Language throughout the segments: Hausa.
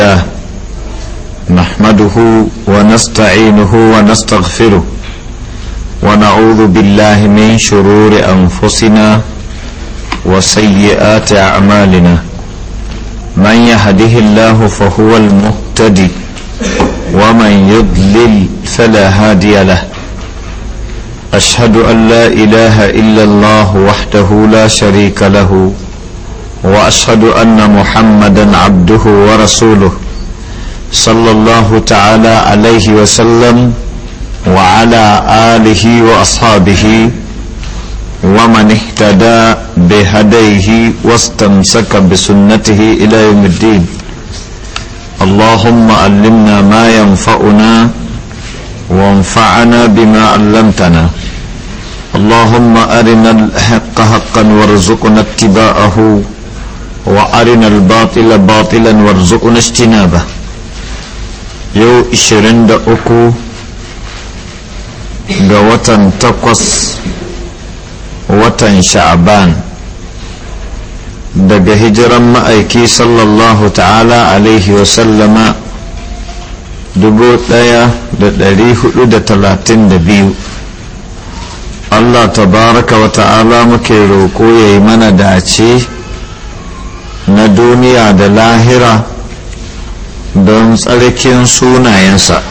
الله نحمده ونستعينه ونستغفره ونعوذ بالله من شرور انفسنا وسيئات اعمالنا من يهده الله فهو المهتدي ومن يضلل فلا هادي له اشهد ان لا اله الا الله وحده لا شريك له واشهد ان محمدا عبده ورسوله صلى الله تعالى عليه وسلم وعلى اله واصحابه ومن اهتدى بهديه واستمسك بسنته الى يوم الدين اللهم علمنا ما ينفعنا وانفعنا بما علمتنا اللهم ارنا الحق حقا وارزقنا اتباعه وأرنا الباطل باطلا وارزقنا اجتنابه يو إشرين أكو قوة تقص watan sha'aban daga hijiran ma'aiki sallallahu ta'ala talatin da biyu Allah tabaraka wa ta'ala muke roƙo ya yi mana dace na duniya da lahira don tsarkin sunayensa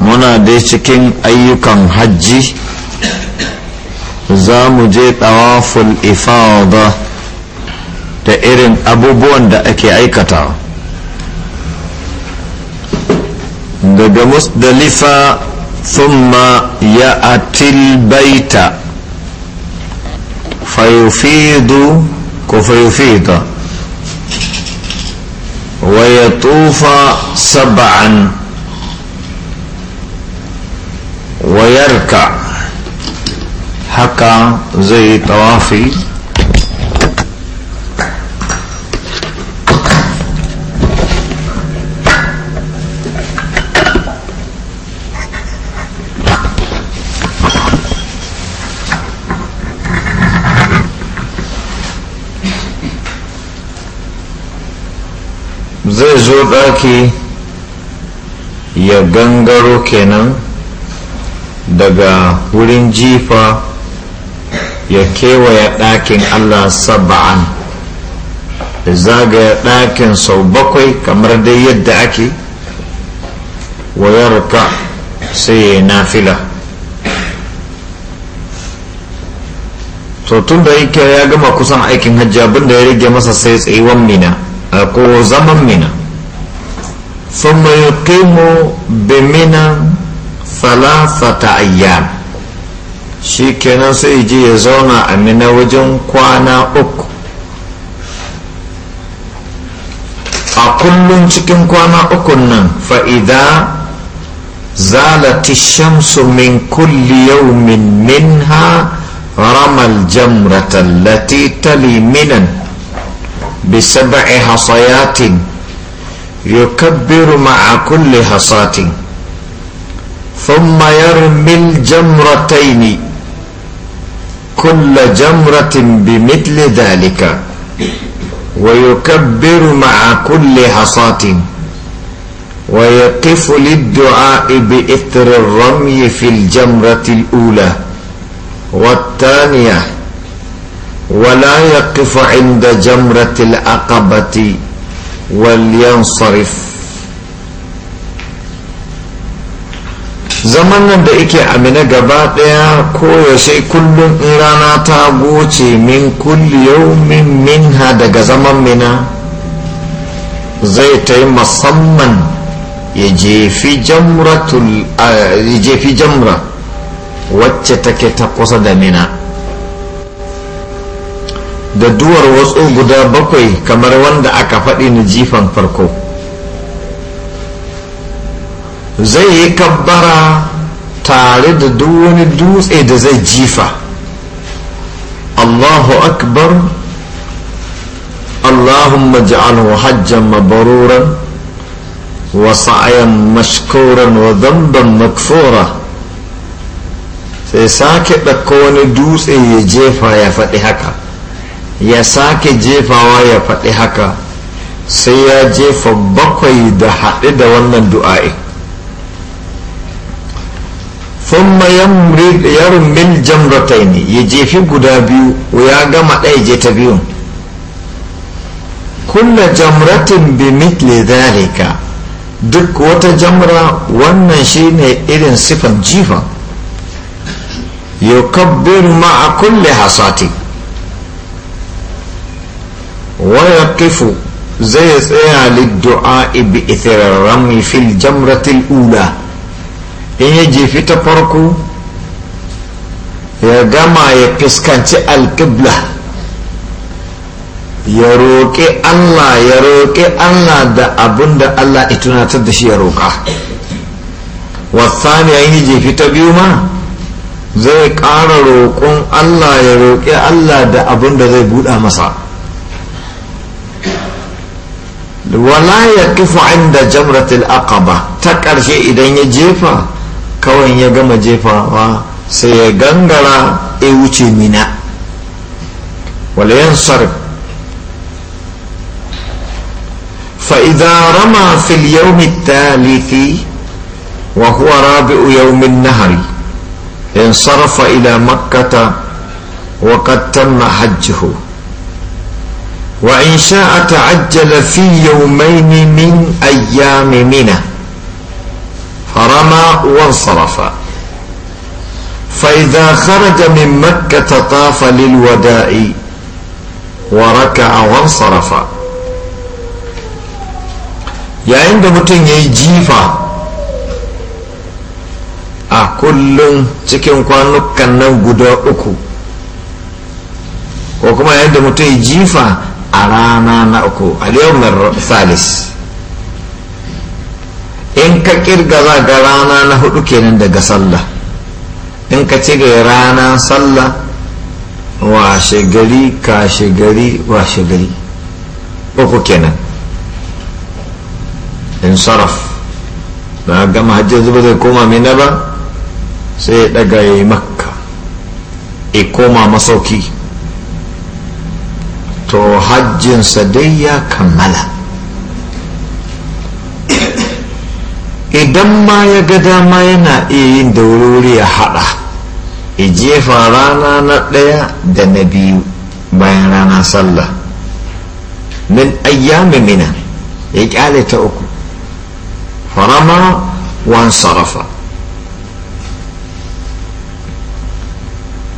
muna dai cikin ayyukan hajji za mu je tawaful ifada da irin abubuwan da ake aikata daga musdalifa thumma ya atil baita fayufidu كفيفيتا ويطوف سبعا ويركع حكا زي طوافي zo ɗaki ya gangaro kenan daga wurin jifa ya kewaya ɗakin allah saba'an zagaya ɗakin sau bakwai kamar dai yadda ake wayarka sai ya yi nafila tun da yake ya gama kusan aikin hajji abinda ya rage masa sai tsayuwan mina ko zaman mina ثم يقيم بمنا ثلاثة أيام شي كان سيجي يزونا أمنا وجن كوانا أك أقل شكين كوانا أكنا فإذا زالت الشمس من كل يوم منها رمى الجمرة التي تلي منا بسبع حصيات يكبر مع كل حصاة ثم يرمي الجمرتين كل جمرة بمثل ذلك ويكبر مع كل حصاة ويقف للدعاء بإثر الرمي في الجمرة الأولى والثانية ولا يقف عند جمرة العقبة sarif zaman nan da ike amina gaba daya koyaushe kullum in rana ta goce min kulli min minha daga zaman mina zai ta yi musamman ya jefi jamra wacce take ta kusa da mina da duwar wasu guda bakwai kamar wanda aka faɗi na jifan farko zai yi kabbara tare da duk wani dutse da zai jifa allahu akbar اللهم اجعله حجا مبرورا وسعيا مشكورا وذنبا مكفورا sai sake ɗauko wani dutse ya jefa ya faɗi haka ya sake jefawa ya faɗi haka sai ya jefa bakwai da haɗe da wannan du'a'i thumma yarmil ne ya jefi guda biyu ya gama ɗaya je ta biyun kulla jamratin bi mitli dhalika duk wata jamra wannan shine irin sifan jifa yukabbiru ma'a kulli hasati zai ويقف زي سيا للدعاء بإثر الرمي في الجمرة الأولى إن jefi ta farko ya gama ya fuskanci alƙibla ya roƙe allah ya roƙe allah da abun da allah ya tunatar da shi ya roƙa wasani ya yi jefi ta biyu ma zai ƙara roƙon allah ya roƙe allah da abun da zai buɗa masa wala ya kifu inda jamratul aqaba ta ƙarshe idan ya jefa kawai ya gama jefawa sai ya gangara ya wuce mina wala yansar fa idza rama fil yawm ath-thalithi wa huwa rabi'u yawm an-nahri insarafa ila makkah wa qad tamma hajjuhu wa in sha a ta'ajjala fi yau mai nimin ayya mai mina harama wan sarrafa fai za kara ga ta tafa lilwa da'i wa raka a wan sarrafa yayin da mutum ya yi jifa a kullum cikin kwanukan nan guda uku ko kuma yadda mutum ya jifa a rana na uku a yawmar salis in ka kirga za ga rana na hudu kenan daga sallah in ka cire rana sallah washe gari kashe gari washe gari uku kenan in saraf na gama hajji zuba zai koma mina ba sai ya daga ya yi makka ya koma masauki to hajjinsa dai ya kammala idan ma ya ga dama yana iya yin da wuri ya haɗa ya jefa rana na ɗaya da na biyu bayan rana sallah min ayyami mina ya ƙyale ta uku farama wan sarafa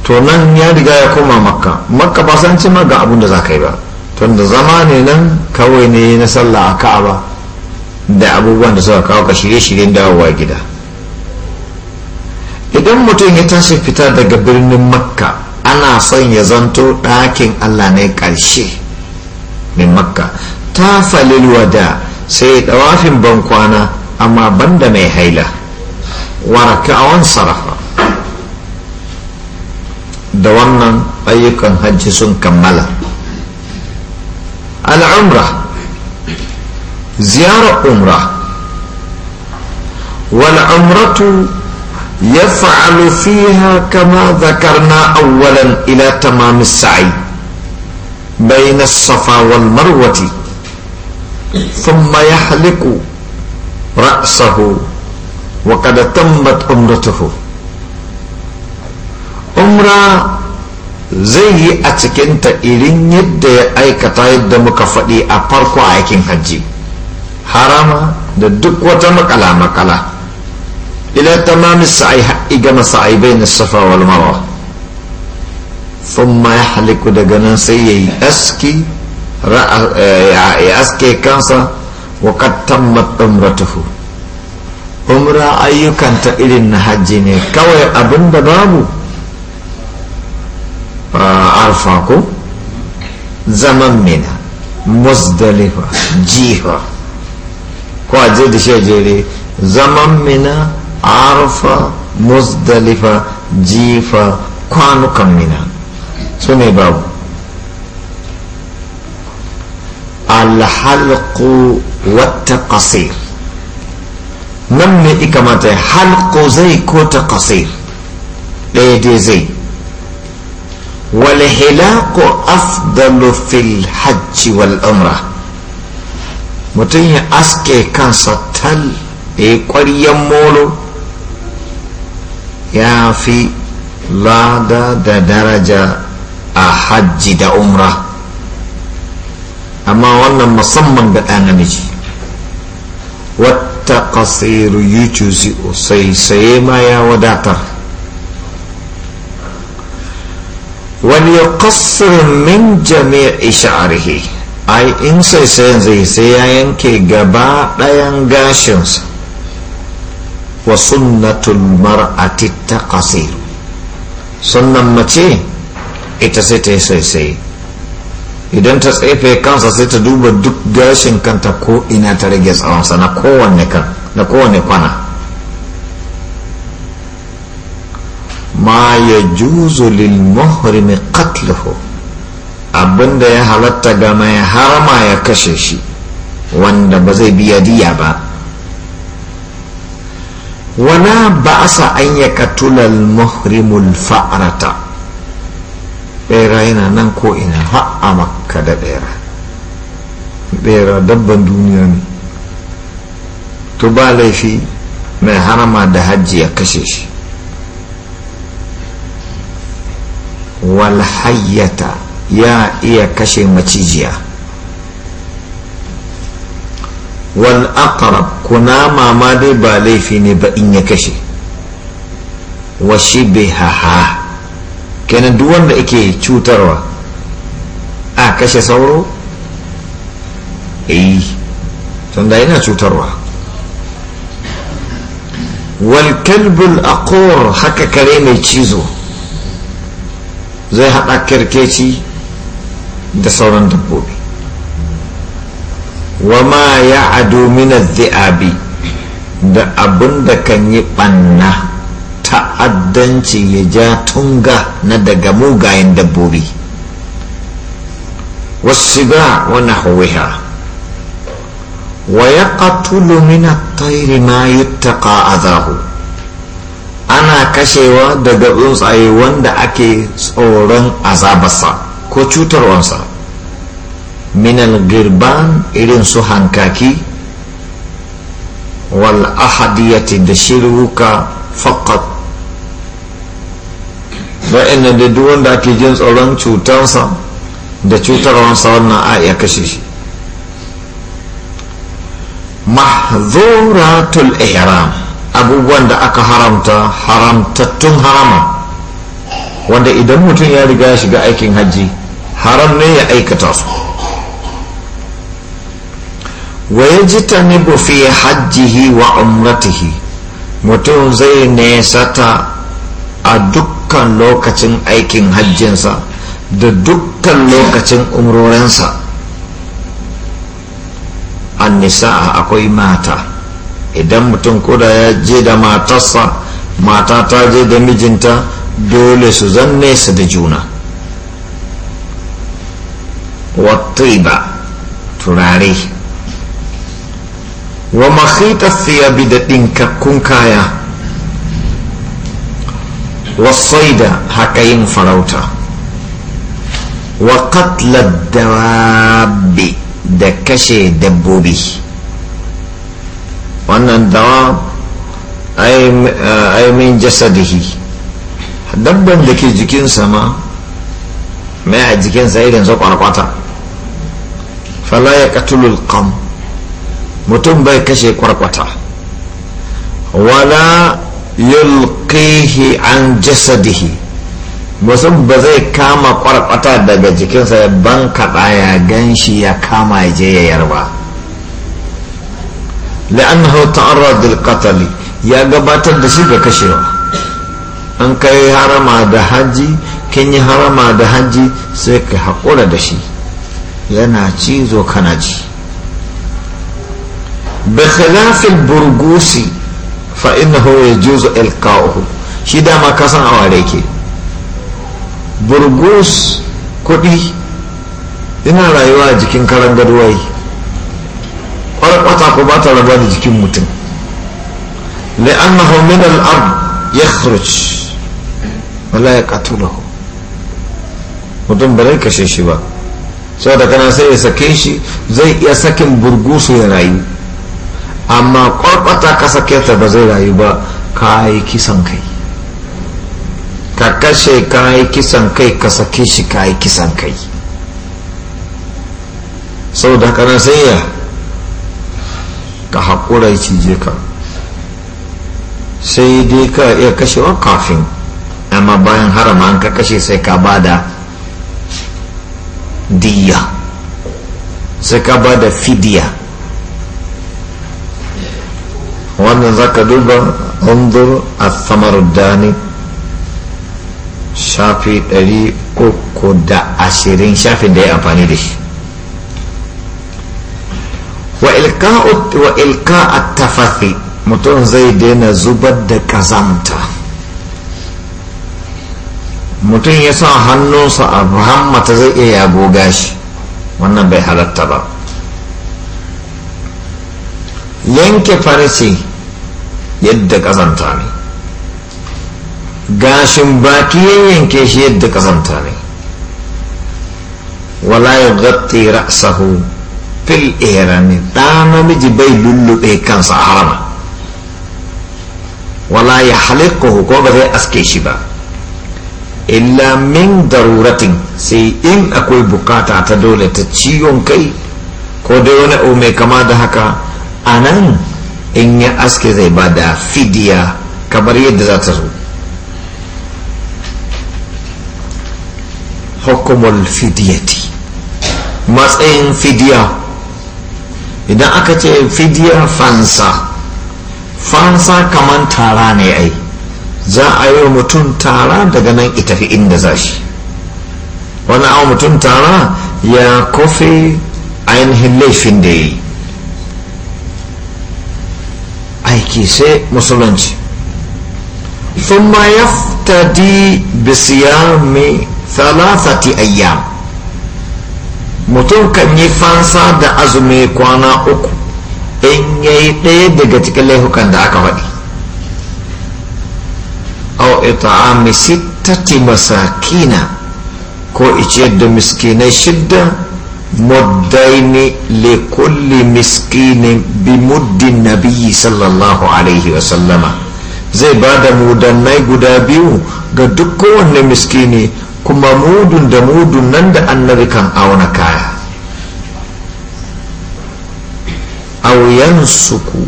to nan ya riga ya koma makka makka ba san cima ga abun da za ka yi ba tunda zama ne nan kawai ne na sallah a ka'aba da abubuwan da suka kawo ka shirye-shiryen dawowa gida idan mutum ya tashi fita daga birnin makka ana son ya zanto ɗakin allah ne ƙarshe min makka ta falilwa da sai ɗawafin kwana amma banda mai haila waraka a saraf da wannan ayyukan hajji sun kammala al'umra ziyara umra wal umratu ya fa'alu fiha kama zakarna awwalan ila tamam sa'i bayna safa wal marwati thumma yahliku ra'sahu وقد تمت عمرته umra zai yi a cikinta irin yadda ya aikata yadda muka faɗi a farko a aikin hajji harama da duk wata makala-makala ila tamamin sa'ai haɗi gama sa'ai bai na safa wal thumma ya haliku daga nan sai ya yi aski aske kansa wa kattan umratuhu umra ayyukanta irin na hajji ne kawai abin da babu arfa ko zaman mina musdalifa jifa ko a da shi jere zaman mina arfa musdalifa jifa kwanukan mina su ne babu alhalku wata kasir nan ne ikamata halko zai ko ta kasir ɗaya dai zai walhilaku afdalu fil hajji wal umra mutum ya aske kansa tal ya ƙwaryen molo ya fi lada da daraja a hajji da umra amma wannan musamman da ɗan namiji wata ƙasiru yi sai ma ya wadatar ya wani وليقصر من جميع شعره ai in sai zai sai ya yanke gaba ɗayan gashinsa wa sunnatul mar'ati ta kasir sunan mace ita sai ta yi sai idan ta tsefe kansa sai ta duba duk gashin kanta ko ina ta rage tsawonsa na kowane kwana ma ya juzu lil muhrimi qatluhu abinda ya halatta ga mai harama ya kashe shi wanda ba zai biya diya ba wana ba sa an ya katula muhrimul fa'arata bera yana nan ko ina ha'a makka da bera bera dabban duniya ne to ba laifi mai harama da hajji ya kashe shi walhayyata ya iya kashe macijiya wal aqrab kunama ma dai ba laifi ne ba in ya kashe wa ha kenan duk wanda ake cutarwa a kashe sauro eh tunda yana cutarwa wal kalbul aqur haka kare mai cizo zai haɗa kirkeci da sauran dabbobi wa ma ya ado mina zi'abi da abin da kan yi ɓanna ta'addanci ya ja tunga na daga mugayen dabbobi wasu ba wani hawiha wa ya ƙatulu mina tairi ma yi taƙa a zahu ana kashewa daga tsuntsaye wanda ake tsoron azabarsa ko cutarwansa minal girban irin su hankaki wal ahadiyati da shirwuka fakat wa'ina da duk wanda ake jin tsoron cutarsa da cutarwansa wannan a iya kashe shi mahzuratul ihram abubuwan da aka haramta haramtattun harama wanda idan mutum ya riga ya shiga aikin hajji haram ne ya aikata su waye ji ta fi hajjihi wa umratihi mutum zai nesata a dukkan lokacin aikin hajjinsa da dukkan lokacin umrorensa an nisa akwai mata idan mutum koda ya je da matarsa mata ta je da mijinta dole su zanne su da juna wattiba turare wa makhita bi da ɗinkakkun kaya da haka yin farauta wa katla dawabi da kashe dabbobi wannan dawa ai min jasadihi dabban da ke jikinsa ma mai a jikinsa irin su kwarkwata fala ya katulul kam mutum bai kashe kwarkwata wala yulqihi an jasadihi mutum ba zai kama kwarkwata daga jikinsa ya banka ya gan shi ya kama ya je ya yarba la'annahu ta'arrad lil ya gabatar da shi ga kashewa an kai harama da haji kin yi harama da haji sai ka haƙura da shi yana cizo kana ji bi khilafil burgusi fa innahu yajuzu ilqa'uhu shi dama ka san aware ke burgus kuɗi ina rayuwa a jikin karangar gadwai Ƙwarƙwata ko ba ta raba da jikin mutum li'annahu min al ya yakhruj wala hu mutum zai kashe shi ba saboda kana sai ya sake shi zai iya sakin burgusu ya rayu amma ƙwarƙwata ka sake ta ba zai rayu ba ka yi kisan kai ka kashe ka yi kisan kai ka sake shi ka yi kisan kai saboda kana sai ya ka haƙura ya cije ka sai dai ka iya kashewa kafin amma bayan harama an ka kashe sai ka ba da diya sai ka ba da fidiya wannan za ka duba undur a samar dani shafi 320 shafin da ya amfani da shi wa ilka a tafafi mutum zai daina zubar da kazanta mutum ya sa hannunsa a hammata zai iya yabo gashi wannan bai halatta ba yanke farce yadda kazanta ne gashin baki yanke shi yadda kazanta ne wala ya gatti ra'sahu fil irami da namiji bai lullube kansa harama wala ya halikku ko ba zai aske shi ba illa min daruratin sai in akwai bukata ta dole ta ciwon kai ko dai wani kama da haka a nan in ya aske zai ba da fidiya kamar yadda za ta zo hukumul fidiyati matsayin fidiya idan aka ce fidiyar fansa fansa kamar tara ne ai za a yi wa mutum tara daga nan ita fi inda za shi wani awon mutum tara ya kofi ainihin laifin da yi aiki sai musulunci ثم يفتدي بصيام ثلاثة أيام mutum kan yi fansa da azumi kwana uku in ya yi ɗaya daga cikin laifukan da aka faɗi au ita'ami sittati masakina ko ice da miskinai shidda muddaini le kulli miskinin bi muddin nabiyyi sallallahu alaihi wasallama zai ba da mudannai guda biyu ga duk kowanne miskini kuma mudun da mudun nan da annabi kan auna kaya auyan ku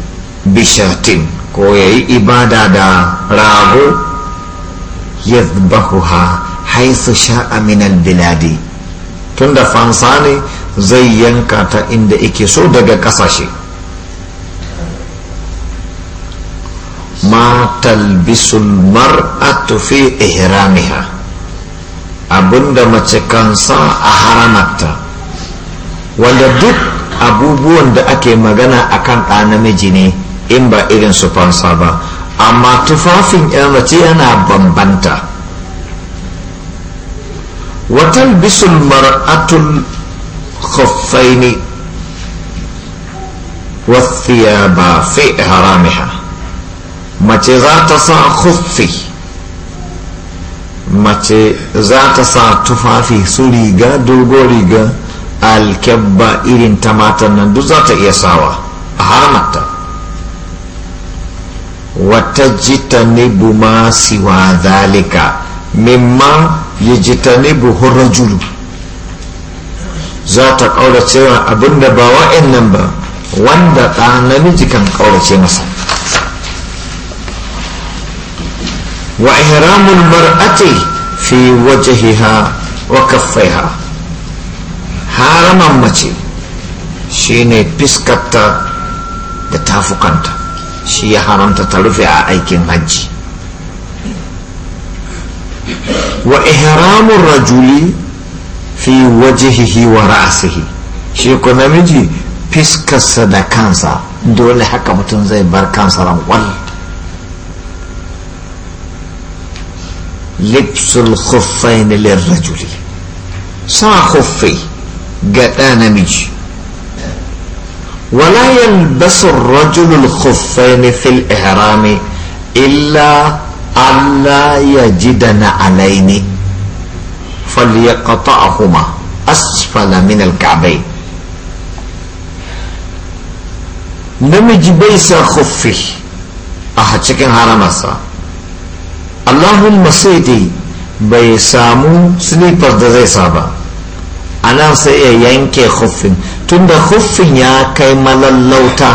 bishatin ko ya yi ibada da rago ya ha haisu sha'a minal biladi tun da fansa ne zai yanka ta inda ike so daga kasashe ma talbisul mar'atu fi ihramiha abinda mace kan sa a haramata wanda duk abubuwan da ake magana akan ɗa namiji ne in ba irin su fansa ba amma tufafin yan mace yana bambanta watan bisul mar'atul khuffaini wasu ba fi haramiha mace za ta sa khuffi mace za ta sa tufafi su riga dogon riga alkyabba irin ta matan nan duk za ta iya sawa a haramata wata bu ma siwa zalika mimma ya jitanibu hurajulu za ta ƙaurace abinda ba wa'in nan ba wanda ɗa namiji kan ƙaurace masa وإحرام المرأة في وجهها وكفيها حرام مچي شيني بسكتا da tafukanta shi ya haramta ta rufe a aikin hajji wa ihramun rajuli fi wajihihi wa ra'asihi shi ku namiji fiskarsa da kansa dole haka mutum zai bar kansa rankwal لبس الخفين للرجل صا خفي انا مجي ولا يلبس الرجل الخفين في الإحرام إلا ألا يجدن عليني فليقطعهما أسفل من الكعبين نمج بيس خفي أحد شكل هرمسه allahun masaiti bai samu silifar da zai sa ba a nan sai ya yanke huffin tunda huffin ya kai malallauta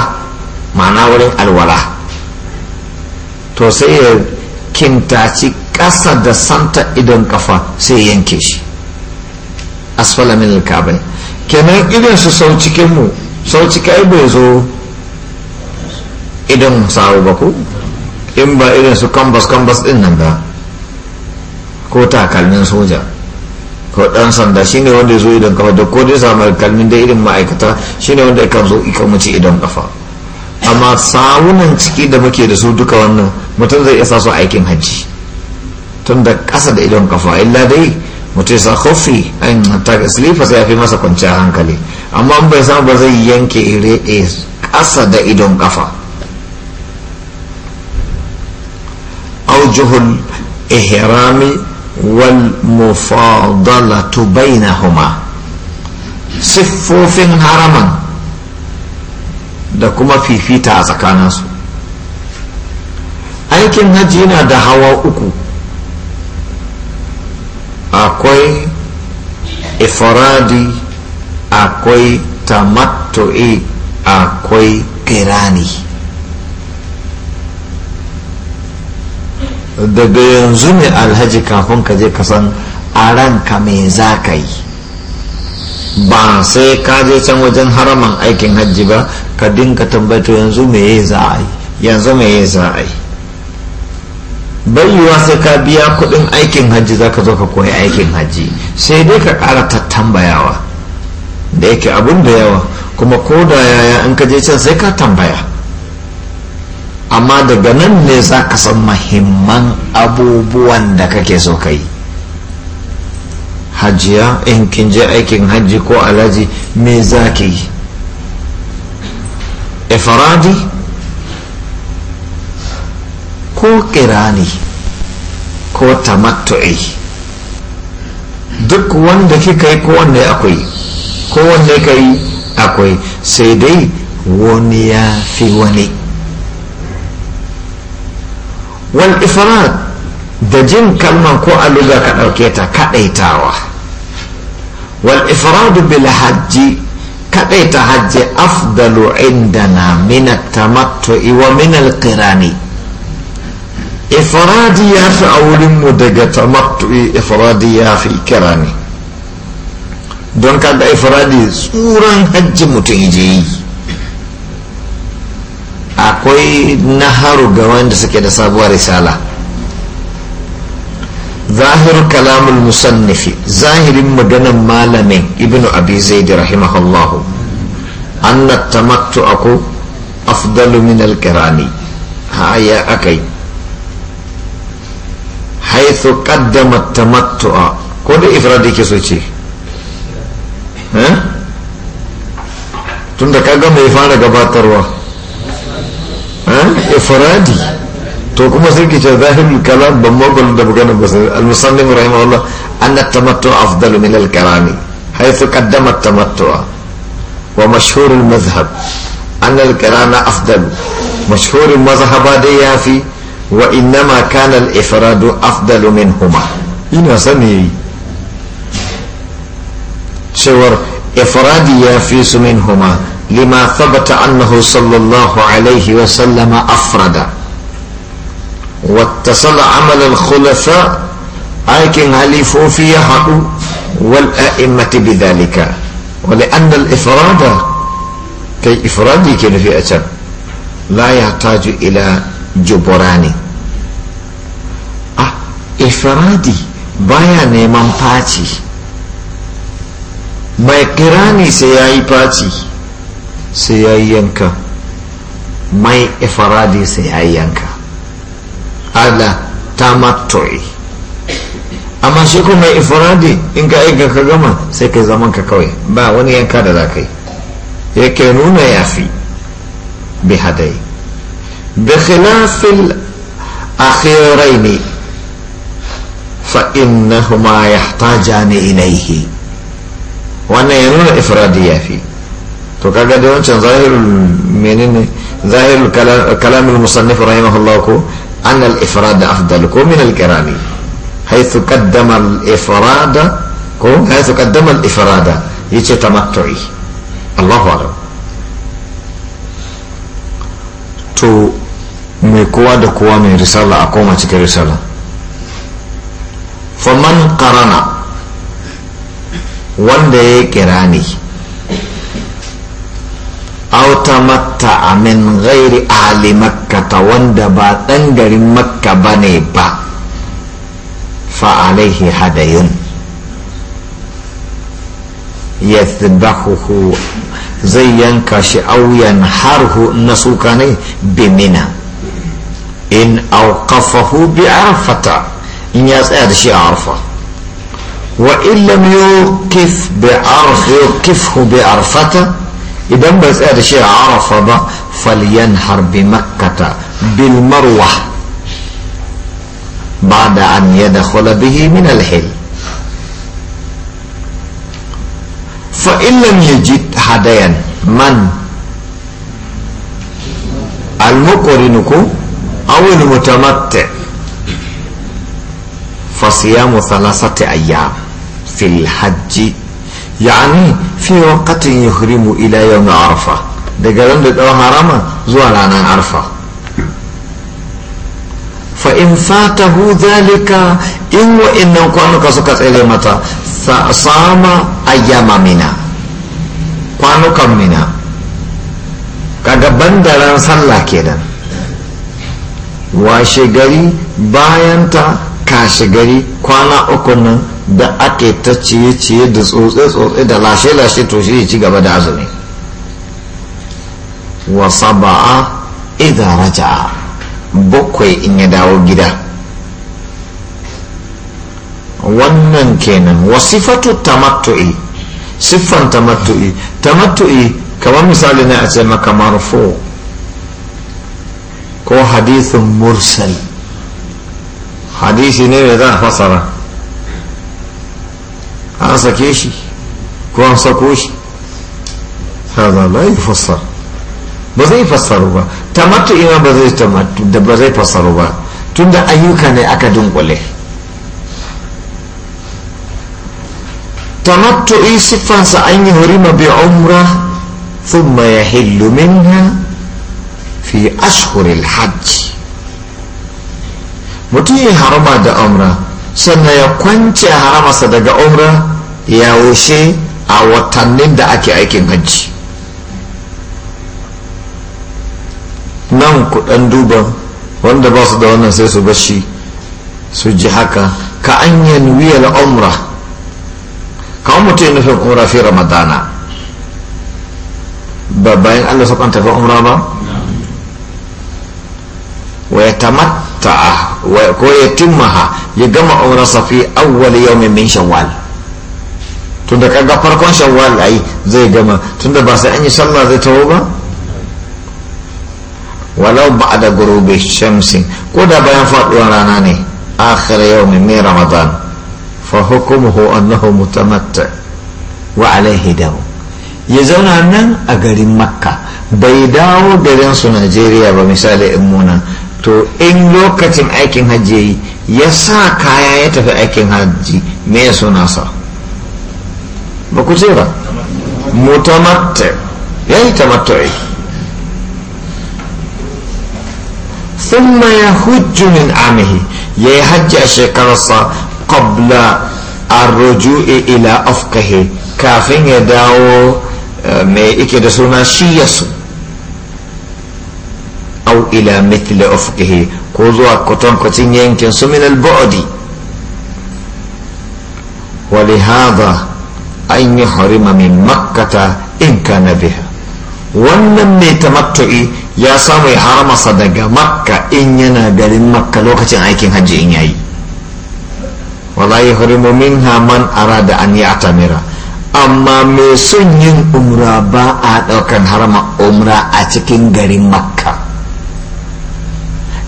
ma'ana wurin alwala to sai ya kintaci ƙasa da santa idon kafa sai ya yanke shi asfala min alkabai kenan idan su sau cikin mu sau cikai bai zo idon sawu ba ku in ba irin su kambas kambas din nan ba ko takalmin soja ko dan sanda shine wanda ya zo idan kafa da ko dai kalmin da irin ma'aikata shine wanda ya kan zo ikan mace idan kafa amma sawunan ciki da muke da su duka wannan mutum zai isa su aikin hajji tun da ƙasa da idon kafa illa dai mutum sa kofi an ta sai ya fi masa kwanciyar hankali amma an bai samu ba zai yanke ire ƙasa da idon kafa وأوجه الإهرام والمفاضلة بينهما siffofin haraman da kuma fifita a tsakaninsu aikin hajji da hawa uku akwai ifradi akwai tamattu'i akwai kirani daga yanzu mai alhaji kafin ka je kasan a ka me za ka yi ba sai ka je can wajen haraman aikin hajji ba ka dinka tambato yanzu me za a yi yanzu me za a yi bayuwa sai ka biya kudin aikin hajji za ka zo ka koyi aikin hajji sai dai ka kara tattambayawa da yake abun da yawa kuma ko da yaya in ka je can sai ka tambaya amma daga nan ne za ka san mahimman abubuwan da kake so ka hajiya in kin je aikin hajji ko alhaji me za ki yi Efaradi ko kirani ko tamattu'i duk wanda kika yi ko wanda akwai ko wanda ka yi akwai sai dai wani ya fi wani wal ifrad da jin kalman ko aluga ka ɗauke ta kaɗaitawa wal ifradu bil hajji kaɗaita hajji afdalu indana min tamattu'i wa min al ifradi ya fi a mu daga tamattu'i ifradi ya fi kirani don kaga ifradi tsuran hajji mutum je yi akwai naharu ga wanda suke da sabuwar risala zahir kalamul musannifi zahirin maganan malamin ibnu abi zaid rahimahullah anna tamattu aku afdalu min alqirani haya akai haythu qaddama tamattu ko da ifradi ke so ce eh? tunda kaga mai fara gabatarwa إيه؟ افرادي تو كما سيكي جاء الكلام بموغل دبغانا بس المسلم رحمه الله أن التمتع أفضل من الكلام حيث قدم التمتع ومشهور المذهب أن الكلام أفضل مشهور المذهب دي يافي وإنما كان الإفراد أفضل منهما إنا سنيري شور إفراد يافيس منهما لما ثبت أنه صلى الله عليه وسلم أفرد واتصل عمل الخلفاء أيكن هليفو في حق والأئمة بذلك ولأن الإفراد كي إفرادي كن في أتب لا يحتاج إلى جبران أه إفرادي بايا من باتي ما يقراني sai باتي sayayyanka mai ifradi sayayyanka ala tamattu'i amma shi kuma ifaradi in ka aika ka gama sai ka zaman ka kawai ba wani yanka da za ka yi yake nuna ya fi bi hadai bi khilafil akhiraini fa innahuma yahtajani ilayhi wannan ya nuna ifradi ya fi to kaga da wancan zahirul menene zahirul kalamul musannif rahimahullah ko an al ifrad afdal ko min al qirani haythu qaddama al ifrad ko haythu qaddama al ifrad yace tamattu'i Allahu akbar to mai kowa da kowa mai risala a koma cikin risala faman karana wanda ya kira kirani أو تمتع من غير أهل مكة واندبا تنجر مكة بني با فعليه هديون يذبحه زي ينكش أو ينحره نسوكاني بمنى إن أوقفه بعرفة إن يسأل شيء عرفة وإن لم يوقف بعرف يوقفه بعرفته idan bai tsaya da shi a arafa ba falyanhar bi makkata bil marwa بعد أن يدخل به من الحل فإن لم يجد هدايا من المقرن أو المتمتع فصيام ثلاثة أيام في الحج yani fi waqatin yuhrimu ila yawm arfa daga ran da dawo harama zuwa ranar arfa fa in fatahu dalika in wa innan kwanuka suka tsere mata sama ayyama mina kwanukan mina kaga bandaran sallah kenan washe gari bayanta kashe gari kwana uku nan da ake ta ciye-ciye da tsotse-tsotse da lashe-lashe to shi ci gaba da azumi wa saba'a idan raja bakwai in ya dawo gida wannan kenan wasifatu tamattu'i siffan tamattu'i tamattu'i kamar misali ne a ce maka marfo ko hadithun mursal hadisi ne da za a fasara an sake shi ko an sako shi haza la yi fassar ba zai fassaru ba tamattu ima ba zai tamattu da ba zai fassaru ba tunda ayyuka ne aka dunkule tamattu i siffansa an yi hurima bi umra thumma yahillu minha fi ashhuril hajj mutum ya harama da umra sannan ya kwance haramarsa daga umra yaushe a watannin da ake aikin hajji nan kudan duba wanda ba su da wannan sai su bashi su ji haka ka an yanwiya umra ka mutum nufin umra fi ramadana ba bayan allah su fi umra ba waya ya tamatta ko ya timmaha ya gama umra safi awwal yawmin min shawwal tun da kaga farkon shawwal ayi zai gama tun da ba sai an yi sallah zai taho ba walau ba da shamsi shamsin ko da bayan faduwar rana ne akhir yau mai ramadan fa hukumuhu annahu mutamatta wa alaihi dawo ya zauna nan a garin makka bai dawo garin su najeriya ba misali in muna to in lokacin aikin hajji ya sa kaya ya tafi aikin hajji me ya so nasa sa ba ku ce ba mutamatta ya yi tamattu'i sun ma ya hujju min amihi ya yi hajji a shekararsa qabla arruju'i ila afkahi kafin ya dawo mai ike da suna shi ya su au ila mithli afkahi ko zuwa kwatankwacin yankin su min al-bu'di ولهذا an yi harima min makkata in kana biha wannan mai tamattu'i ya samu ya haramasa daga makka in yana garin makka lokacin aikin hajji in yayi wala ya harimu minha man arada an yi atamira amma mai son yin umra ba a ɗaukan harama umra a cikin garin makka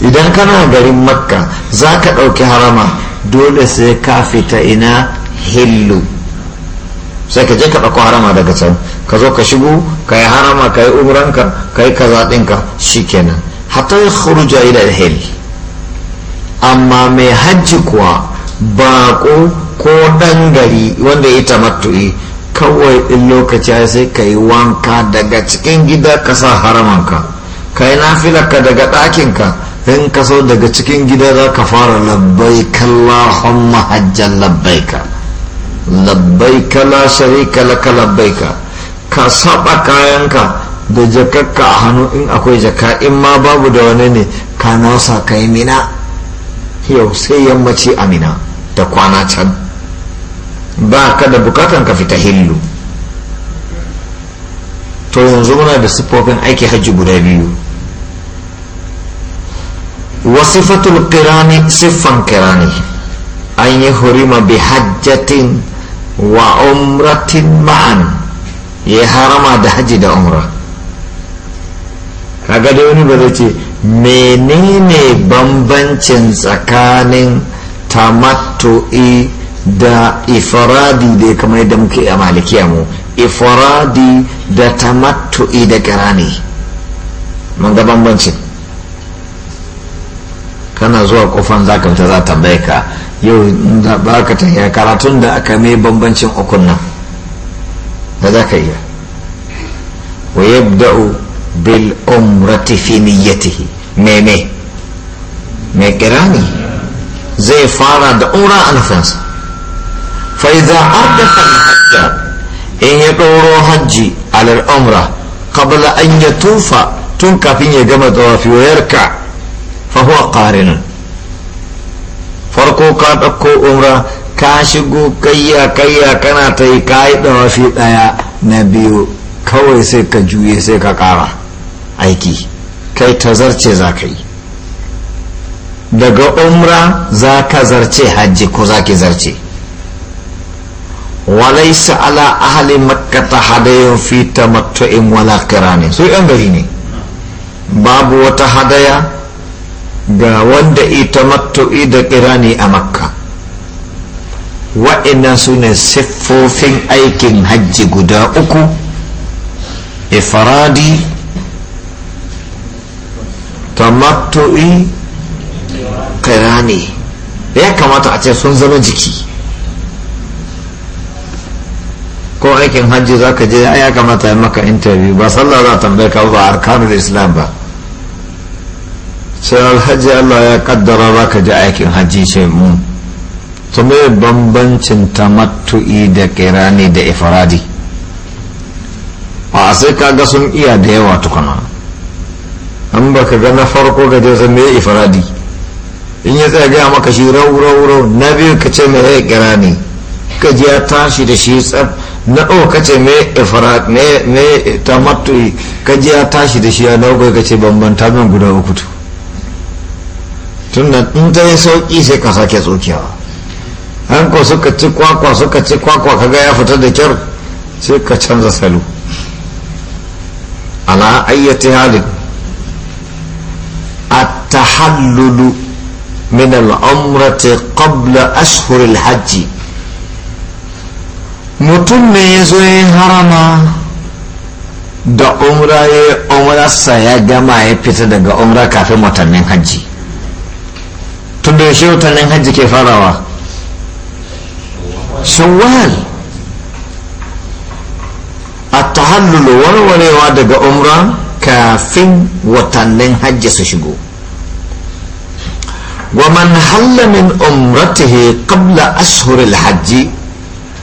idan kana garin makka za ka ɗauki harama dole sai ka fita ina hillu sai ka je ka ɗauko harama daga can ka zo ka shigo ka yi harama ka yi umuranka ka yi kaza ɗinka kenan hatta ya khuruja ila alhil amma mai hajji kuwa baƙo ko ɗan gari wanda ya matu'i kawai in lokaci ya sai ka yi wanka daga cikin gida ka sa haramanka ka yi nafilarka daga ɗakinka in ka so daga cikin gida za ka fara labbaik Allahumma hajjan labbaika labbaika la sharika laka labbaika ka saba kayanka da jakakka a hannu in akwai jaka in ma babu da wani ne ka nasa ka yi mina yau sai yammaci amina da kwana can ba ka da bukatan ka fita hillu to yanzu muna da sifofin aiki hajji guda biyu wasifatul kirani siffan kirani an yi hurima bi hajjatin wa umratin ma'an ya harama da haji da umra kaga da wani ba zai ce menene bambancin tsakanin tamattu'i da ifaradi da kamar da muke a malikiya mu ifaradi da tamattu'i da ƙirani mun ga bambancin kana zuwa kofan za ka fita za ta bai ka yau da ba ka ta yi karatun da aka mai bambancin ukun nan da za ka iya wa dau bil umrati fi niyyatihi meme mai kirani zai fara da umra a nufinsa fa idza ardafa hajja in ya ɗoro hajji alal umra qabla an yatufa tun kafin ya gama tawafi wa yarka fa ƙarin farko ka ɗauko umra ka shigo kayya kayya kana ta yi ka yi fi ɗaya na biyu kawai sai ka juye sai ka ƙara aiki kai ta zarce za ka yi daga umra za ka zarce hajji ko za ki zarce walaisa ala ahli makata hadayen fita matu'in wala kiranin su yan gari ne babu wata hadaya ga wanda ita matu'i da kirani a makka wa'annan su ne siffofin aikin hajji guda uku ifaradi tamattu'i kirani ya kamata a ce sun zama jiki ko aikin hajji za ka je ya kamata ya maka interview ba sallah za tambaye ka ba arkanul islam ba sai alhaji allah ya kaddara za ka ji aikin hajji ce mu to me bambancin tamattu'i da kirani da ifradi a sai ga sun iya da yawa tukuna an baka ga na farko ga je san ifradi in ya tsaya gaya maka shi rau rau rau na biyu ka ce me ya kirani ka ji ya tashi da shi tsaf na ɗau ka ce me ifrad me tamattu'i ka ji ya tashi da shi ya nauka ka ce bambanta min guda uku tunda in ta yi sauƙi sai ka sake tsokewa an ko suka ci kwakwa suka ci kwakwa kaga ya fita da kyar sai ka canza salo ala ayyati halin al-umrati qabla ashhur al-hajj mutum ne ya zo harama da umra ya umrarsa ya gama ya fita daga umra kafin watannin hajji shi yaushe watannin hajji ke farawa shawwal a tahallulu warwarewa daga umra kafin watannin hajji su shigo ومن حل ta عمرته kabla ashirin hajji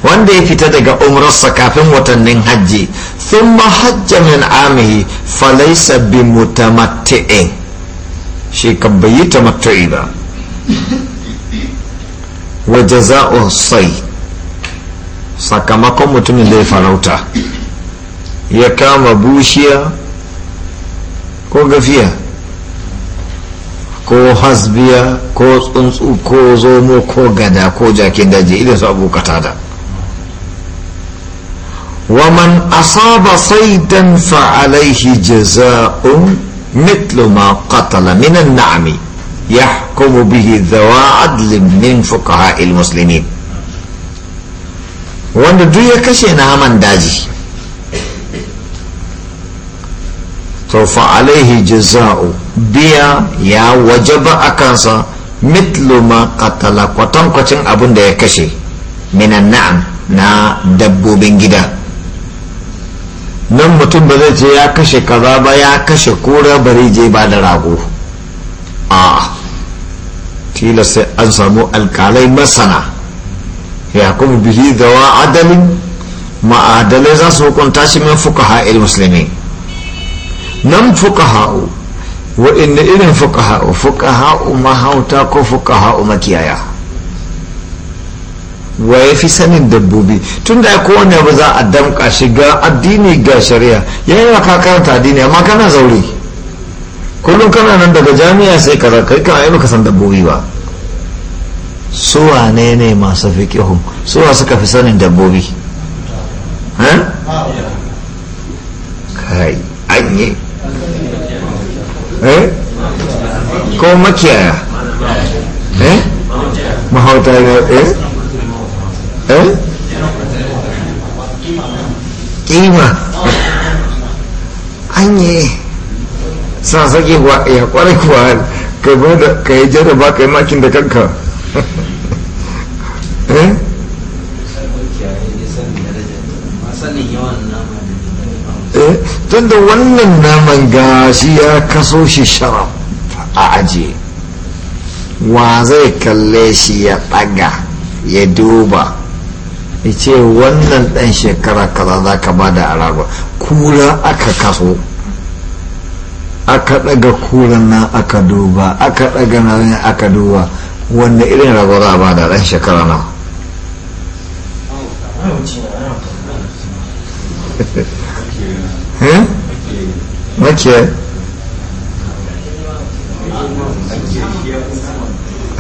wanda ya fita daga umrarsa kafin watannin hajji sun hajja min amihi falaisa bi mutamatti'in shi kan bai yi tamattu'i ba wa jaza'un sai sakamakon mutumin da ya farauta ya kama bushiya ko gafiya ko hasbiya ko tsuntsu ko zomo ko gada ko jakin daji idan su abokata da wa man asaba saidan alaihi jaza'un mitlu ma qatala minan na'ami يحكم به ذوى عدل من فقهاء المسلمين wanda duk ya kashe na haman daji to fa alaihi jaza'u biya ya wajaba a kansa mitlu ma katala kwatankwacin abin da ya kashe minan na'am na dabbobin gida nan mutum ba zai ce ya kashe kaza ba ya kashe kura bari je ba da rago a tilas sai an samu alkalai masana ya kuma bihi zawa adalin ma'adalai za su hukunta shi min fukaha il musulmi nan fukaha'u wa'inda irin fukaha'u fukaha'u mahauta ko fukaha'u makiyaya wa ya fi sanin dabbobi tun da kowane ba za a damka shi ga addini ga shari'a yayin da ka karanta addini amma kana zaure kullum kana nan daga jami'a sai ka kai kan ai baka san dabbobi ba su wane ne masu su wa suka fi sanin dabbobi kai anye eh ko makiyaya eh mahauta ne eh eh kima anye san sake wa ya eh, kwarai kuwa ba da ka yi jarraba yi makin da kanka eh? eh, tun da wannan naman gashi ya kaso shi sharaf a ajiye wa zai kalle shi ya ɗaga ya duba ya ce wannan ɗan shekara kaza za ka ba da araba kura aka kaso aka daga kuran nan aka duba aka daga nan aka duba wanda irin rago za ba da ran shekara na eh? mace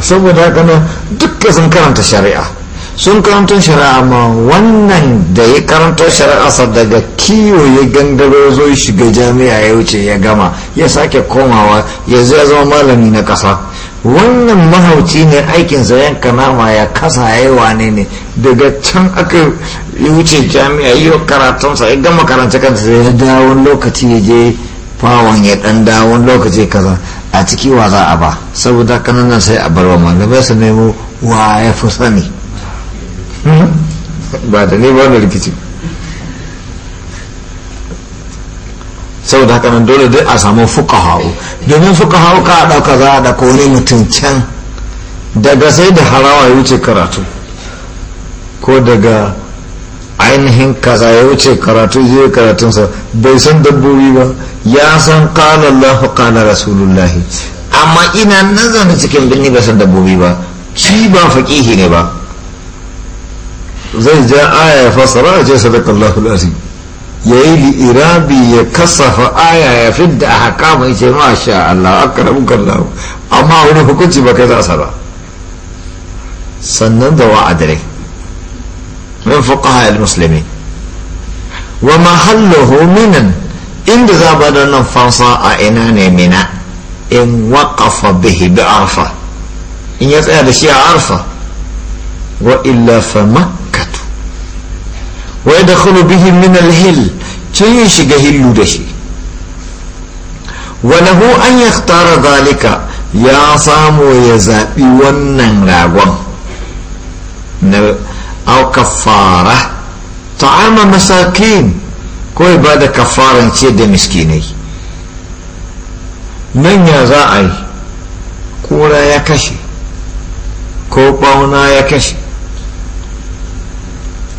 saboda haka nan dukkan sun karanta shari'a sun karanto shari'a ma wannan da ya karanto shari'arsa daga kiwo ya gangaro zo shiga jami'a ya wuce ya gama ya sake komawa ya zai zama malami na ƙasa wannan mahauci ne aikinsa yanka nama ya kasa ya wane ne daga can aka ya wuce jami'a yi karatunsa ya gama karanta kansa ya dawo lokaci ya je fawon ya dan dawo lokaci kaza a ciki wa za a ba saboda kananan sai a bar wa malamai su nemo wa ya fi sani ba da ne ba wani rikici saboda haka nan dole dai a samu fuka hau domin fuka hau ka a dauka za a da wani mutum can daga sai da harawa ya wuce karatu ko daga ainihin kaza ya wuce karatu zai karatunsa bai san dabbobi ba ya san kala Allah kala rasulullahi amma ina nan cikin birni ba san dabbobi ba shi ba faƙihi ne ba زي جاء آية فصرة جاي سبق الله العظيم يأي لإرابي يكسف آية يفد أحكام إيش ما شاء الله أكرمك الله أما هنا فكنت بكذا سبا سنن دواء عدري من فقهاء المسلمين وما حله من إن ذابنا نفنصاء إنان منا إن وقف به بعرفة إن يتأل شيء عرفة وإلا فمك wa ya dakhulu bihi min al-hil kin ya shiga hillu da shi wa lahu an yakhtara zalika ya samu ya zabi wannan ragon na au kafara ta'ama masakin ko bada kafaran ce da miskinai nan ya za a yi kura ya kashe ko bauna ya kashe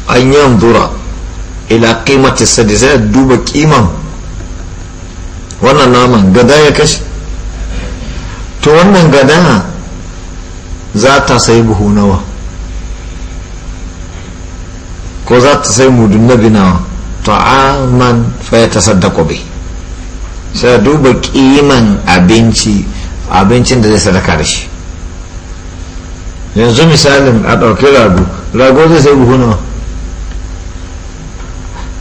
an yanzura ila qimati sadi sai duba kiman wannan naman gada ya kashe to wannan gada za ta sai buhu nawa ko za ta sai mudun nabi nawa ta'aman faya ta sadda bi sai duba kiman abinci abincin da zai sadaka da shi yanzu misalin a ɗauki rago rago zai sai buhu nawa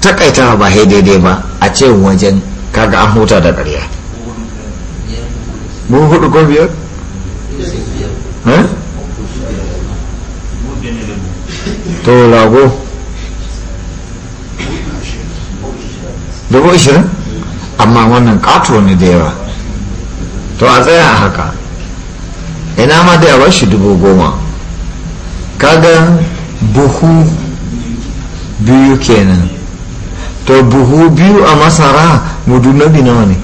takaita ba daidai ba a ce wajen kaga an huta da ƙarya mun hudu ko biyar? Eh? to lago dubu ashirin amma wannan kato ne da yawa to a tsaya haka ina ma da yawar shi dubu goma kaga buhu biyu kenan to buhu biyu a masara mudu nabi nawa ne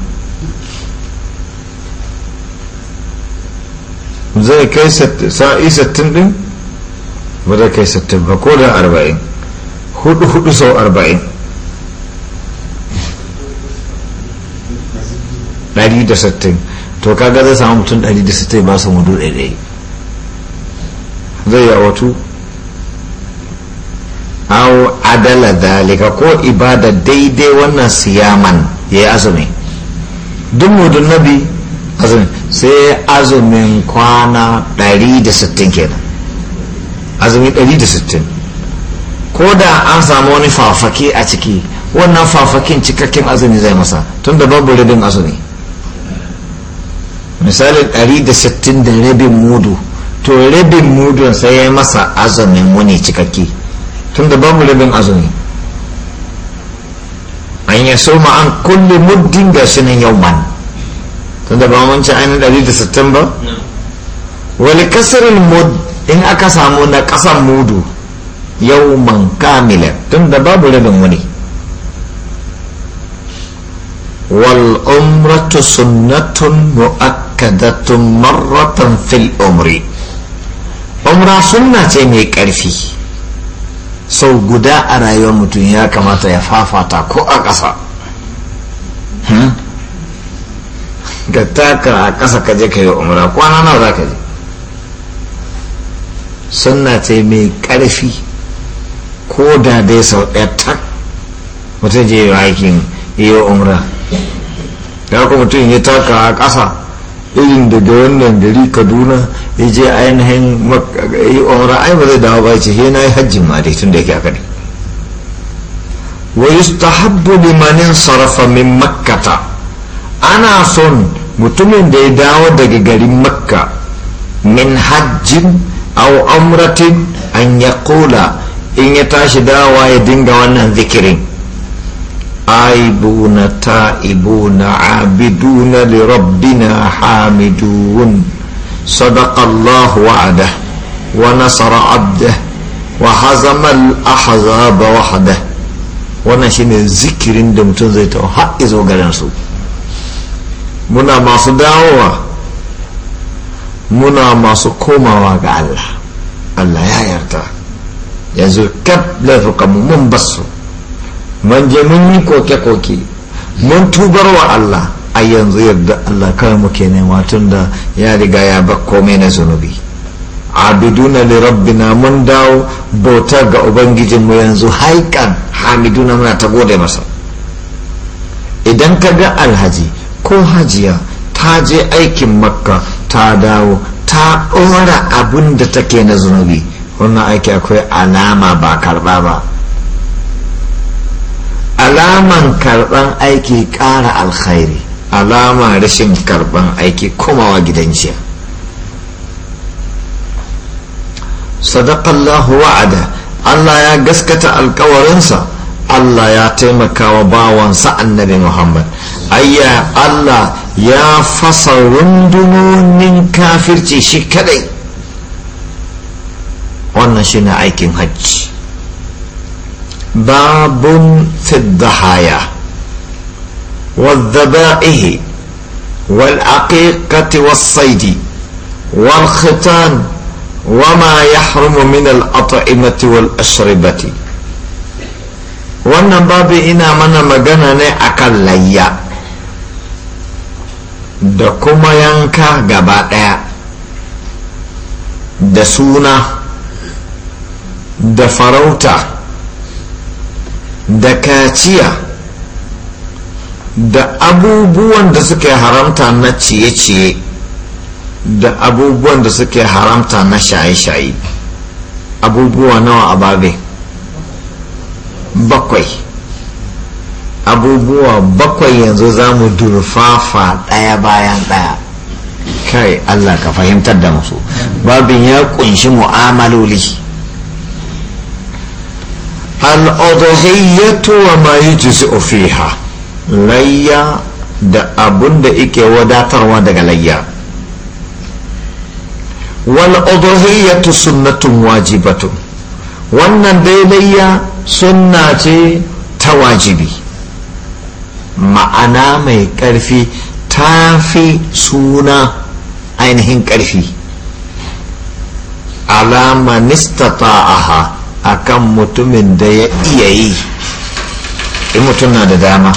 zai kai sa'i sattin din ba zai kai sattin ba ko da arba'in hudu hudu sau arba'in dari da sattin to kaga zai samu mutum dari da sattin ba su mudu ɗaiɗai zai yi a wato aw adala dalika ko ibada daidai wannan siyaman ya yi azumi duk mudun nabi azumi sai azumin kwana 160 kenan azumi 160 ko da an samu wani fafake a ciki wannan fafakin cikakken azumi zai masa tun da babu rabin azumi misali 160 da rabin mudu to rabin mudun sai ya masa azumin wani cikakke tunda ba mu rabin azumi an ya soma an kulle muddin gashi nan yau man tunda ba mun ci ainihin ɗari da sittin ba wani kasarin mud in aka samu na ƙasan mudu yau man kamila tunda babu rabin wani wal umratu sunnatun mu'akkadatun marratan fil umri umra sunna ce mai ƙarfi sau guda a rayuwar mutum ya kamata ya fafata ko a ƙasa ga hmm? taka a ƙasa kaje ka yi umra kwana nawa za ka je suna ce mai ƙarfi ko da dai sau ɗaya ta mutum je yi aikin yi umra ya kuma mutum ya taka a ƙasa irin daga wannan gari kaduna ya je ainihin umra eh, ai ba zai dawo ba ce he na yi hajjin ma dai tun da yake akadi wa yustahabbu limanin sarafa min makkata ana son mutumin da ya dawo daga garin makka min hajjin au amratin an ya in ya tashi dawa ya dinga wannan zikirin عائبون تائبون عابدون لربنا حامدون صدق الله وعده ونصر عبده وهزم الأحزاب وحده shine zikirin da mutum zai taho har izo garin muna masu dawowa muna komawa ga Allah Allah ya yarda yanzu kaf laifuka mun je mun yi koke-koke mun tubar wa Allah a yanzu yadda Allah kawai muke nema tun da ya riga ya ba komai na zunubi abiduna li rabbina mun dawo bautar ga ubangijin mu yanzu haikan hamiduna muna ta gode masa idan ka ga alhaji ko hajiya ta je aikin makka ta dawo ta ɗora abin da take na zunubi wannan aiki akwai alama ba karɓa ba alaman karban aiki ƙara alkhairi alama rashin karban aiki komawa gidan jiya sadakallahu wa'ada allah ya gaskata alkawarinsa allah ya taimaka wa bawansa annabi muhammad ayya allah ya fasa rundunonin kafirci shi kadai wannan shine aikin hajji باب في الضحايا والذبائح والعقيقة والصيد والختان وما يحرم من الأطعمة والأشربة وانا باب إنا من مجنن أكل ليا دكما ينكا غباتا دسونا دفروتا da kaciya da abubuwan da suke haramta na ciye-ciye da abubuwan da suke haramta na shaye-shaye abubuwa nawa a babe bakwai abubuwa bakwai yanzu za mu durfafa ɗaya bayan ɗaya kai allah ka fahimtar da musu babin ya kunshi mu'amaloli al'adahiyyatu wa ma yujzi'u fiha layya da abun da ike wadatarwa daga layya wal adahiyyatu sunnatun wajibatu wannan dai layya sunna ce ta wajibi ma'ana mai ƙarfi ta fi suna ainihin ƙarfi alama ha. a kan mutumin da ya iya yi in mutum na da dama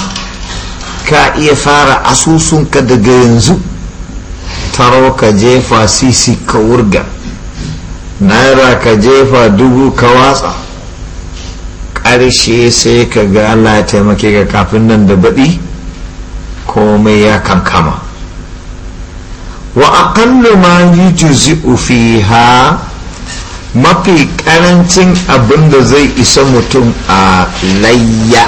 ka iya fara asusunka daga yanzu taro ka jefa sisi ka wurga naira ka jefa dubu ka watsa ƙarshe sai ka ga allah ya taimake ka kafin nan da baɗi komai ya kankama wa aqallu ma yujzi'u fiha mafi karancin abin da zai isa mutum a layya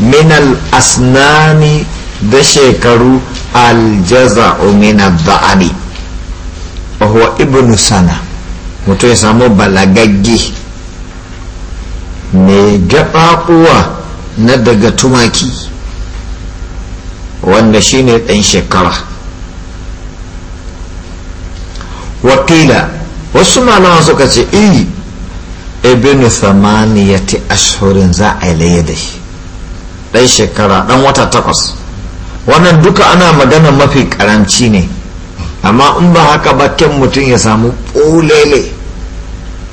minal asnani da shekaru aljaza'u min ba'ani wa ibnu sana mutum ya samu balagaggi mai gaɓaɓuwa na daga tumaki wanda shine ɗan shekara wakila wasu malaman suka ce iyi eh, ibn samaniyati ashirin za a laye da shi ɗan shekara ɗan wata takwas wannan duka ana magana mafi karanci ne amma in ba haka ba kyan mutum ya samu ƙolele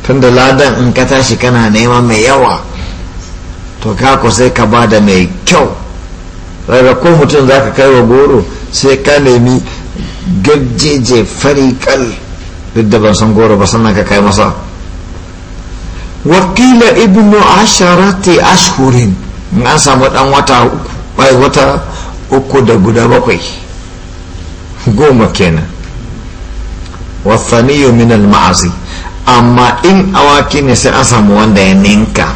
tun da ladan in ka tashi kana nema mai yawa to ka sai ka ba da mai kyau daga ko mutum za ka kai wa goro sai ka nemi gajeje farikal duk da ban san goro ba sannan ka kai masa wakila ibnu asharati ashhurin in an samu dan wata uku bai wata uku da guda bakwai goma kenan wasaniyo min al-ma'asi amma in awaki ne sai an samu wanda ya ninka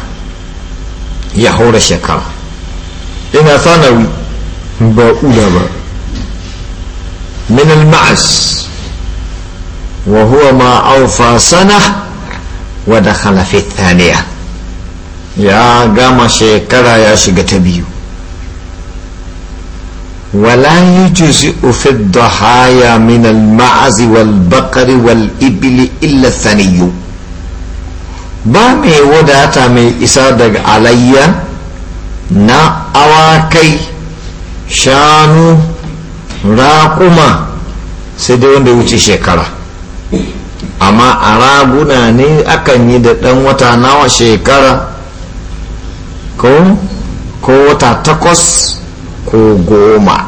ya hore shekara ina sanawi ba ula ba min al-ma'as وهو ما أوفى سنة ودخل في الثانية يا قام شكرا يا شقة بيو ولا يجزئ في الضحايا من المعز والبقر والإبل إلا الثني بامي وداتا مي إسادق علي نا أواكي شانو راقما سيدون دوتي شكرا amma a raguna ne akan yi da ɗan wata nawa shekara ko ko wata takwas ko goma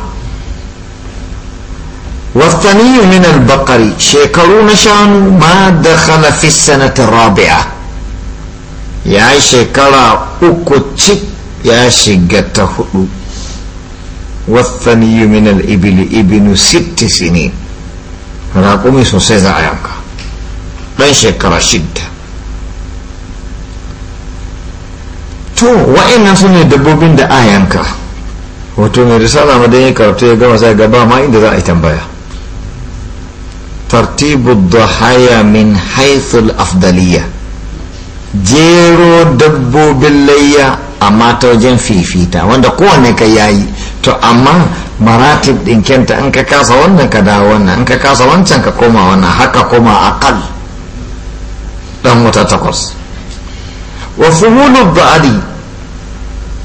wastani min al shekaru na shanu ma da fi sanata rabi'a ya shekara uku cik ya shiga ta hudu wastani min al-ibili sittisini raƙumi sosai za a yanka ɗan shekara shidda to wa'annan su ne dabbobin da a yanka wato mai risala madan ya karatu ya gama sai gaba ma inda za a yi tambaya tartibu dhahaya min haithul afdaliya jero dabbobin layya amma ta wajen fifita wanda kowane ka yayi to amma maratib din kenta in ka kasa wannan ka dawo wannan in ka kasa wancan ka koma wannan haka koma akal dan wata takwas wa fuhulu ba'adi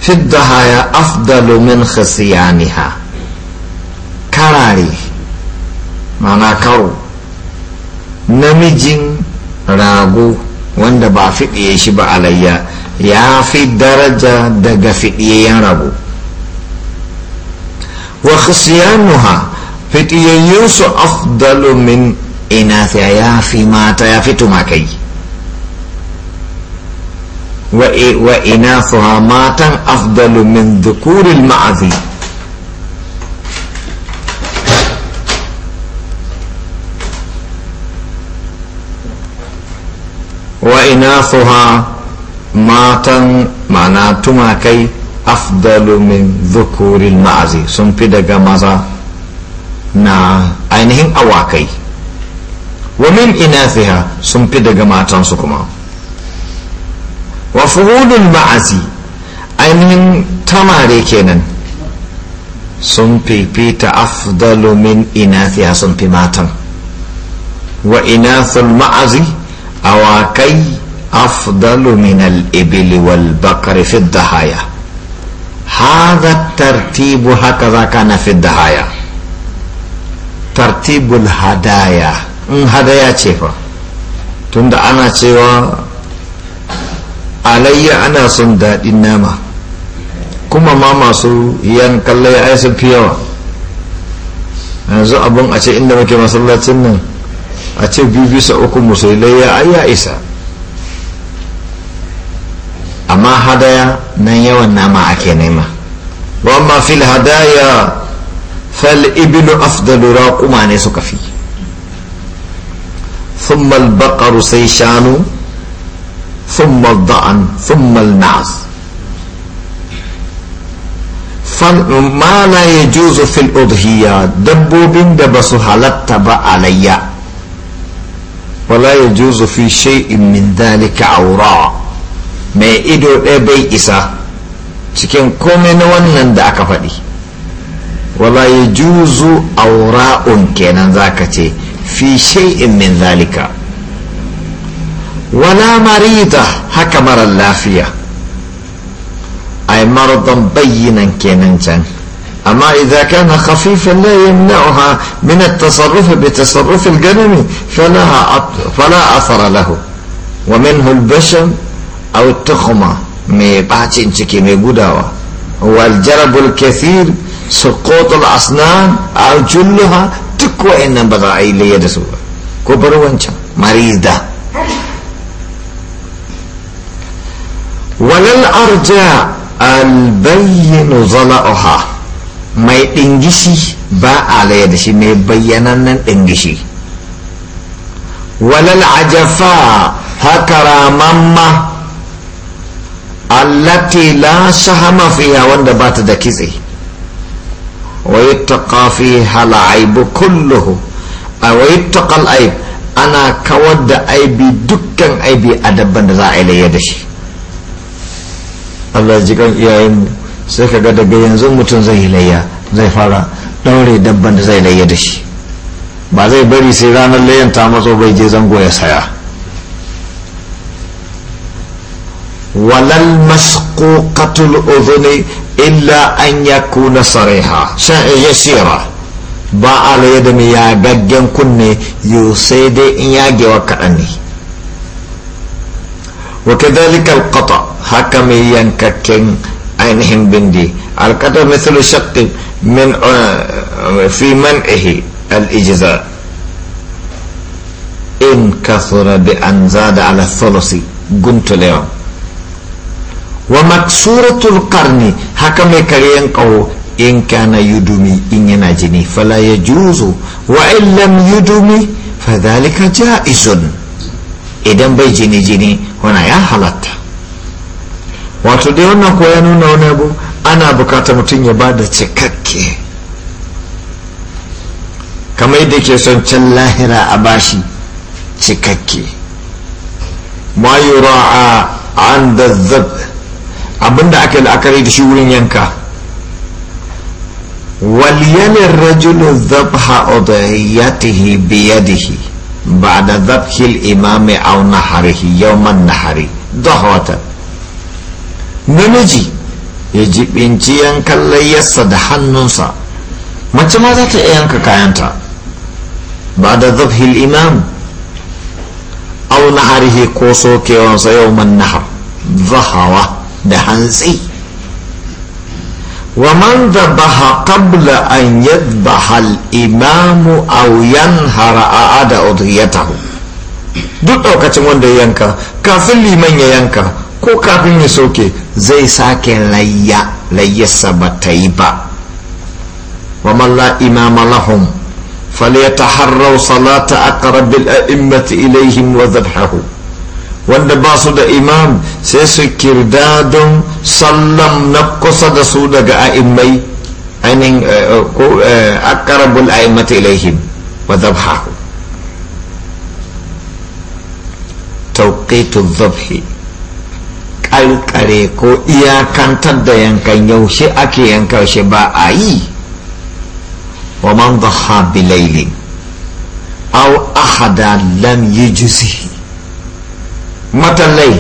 fi dahaya afdalu min khasiyaniha karare mana karo namijin rago wanda ba fiɗiye shi ba alayya ya fi daraja daga fiɗiyayen rago وخصيانها فتي يوسف أفضل من يا في ما تيافت ما كي وإناثها ماتا أفضل من ذكور المعذي وإناثها ماتا معناها كي afdalu min dhukuril ma'azi sun fi daga maza na ainihin awakai wa min inathiha sun fi daga matansu kuma wa fuhulul ma'azi ainihin tamare kenan sun fifita afdalu min inathiha sun fi matan wa inathul ma'azi awakai afdalu min al-ibili wal bakari fi dhahaya haka هذا الترتيب هكذا haya tartibul hadaya in hadaya ce fa tunda ana تشيفا alayya ana son daɗin nama kuma ma masu yan kallai ai yawa yanzu abin a ce inda muke masallacin nan a ce biyu bisa uku musulai ya ai isa amma hadaya nan yawan nama ake nema wa amma fil hadaya fal ibnu afdalu raquma ne suka fi thumma al baqaru sai shanu thumma al da'an thumma al na'as ma la yajuzu fil udhiya dabbobin da basu halatta ba alayya wala yajuzu fi shay'in min dhalika awra' mai ido ɗaya bai isa cikin komai na wannan da aka faɗi wallahi juzu aura'un kenan zaka ce fi shay'in min zalika wala marida haka mara lafiya ai maradan bayyinan kenan can أما إذا كان خفيفا لا يمنعها من التصرف بتصرف الجنم فلا, فلا أثر له ومنه البشم au tuhuma mai bacin ciki mai gudawa wal jarabul kathir suqutul asnan au julluha duk wa'annan ba za a yi layya da su ba ko bar wancan marida walal arja albayyinu zala'uha mai dingishi ba a layya da shi mai bayyanannen dingishi walal ajafa haka ramamma allati la shahama fiya wanda ba ta da kitse wa yattaqa fiha al-aib kulluhu wa yattaqa al-aib ana kawar da aibi dukkan aibi a dabban da za a ilayya da shi Allah ji kan iyayen sai kaga daga yanzu mutum zai yi zai fara daure dabban da zai layya da shi ba zai bari sai ranar layyan ta matso bai je zango ya saya ولن مسقوقة الأذن إلا أن يكون صريحا شيء يسيرا با على يدم يا غغن كني يوسيد يا جوكاني وكذلك القطع حكم ينككن عينهم بندي القطع مثل شق من في منعه الإجزاء إن كثر بأن زاد على الثلث قلت اليوم wa maksuratul qarni haka mai karyan kawo in kana yudumi in yana jini fala ya juzu wa in lam yudumi fa dhalika jaizun idan bai jini jini wana ya halatta wato dai wannan ko ya nuna wani abu ana bukata mutum ya ba da cikakke kamar yadda ke son can lahira a bashi cikakke ma yura a an da abinda aka la'akari da shi wurin yanka waliyanin rajulun zabha udhiyatihi biyadihi ba'da zabhil imami aw naharihi yawman nahari dahwatan namiji ya jibinci yankan layyarsa da hannunsa mace ma za ta iya yanka kayanta ba da zafhil imam au naharihi ko sokewansa yau man nahar zahawa da hantsi ومن ذبح قبل أن يذبح الإمام أو da أعاد أضحيته duk ɗaukacin wanda ya yanka kafin liman ya yanka ko kafin ya soke zai sake layya layyarsa ba ta yi ba wa la imama lahum falya ta harrau salata aqrabil a'immati ilaihim wa zabhahu wanda ba su da imam sai su kirdadon sallam na kusa da su daga a'immai ainihin eh, eh, ko eh, akarabul a'immata ilaihim wa zabhahu tauqitun zabhi ƙalƙare ko iyakantar da yankan yaushe ake yanka shi ba a yi wa man dhaha bilailin aw ahada lam yujzihi matallai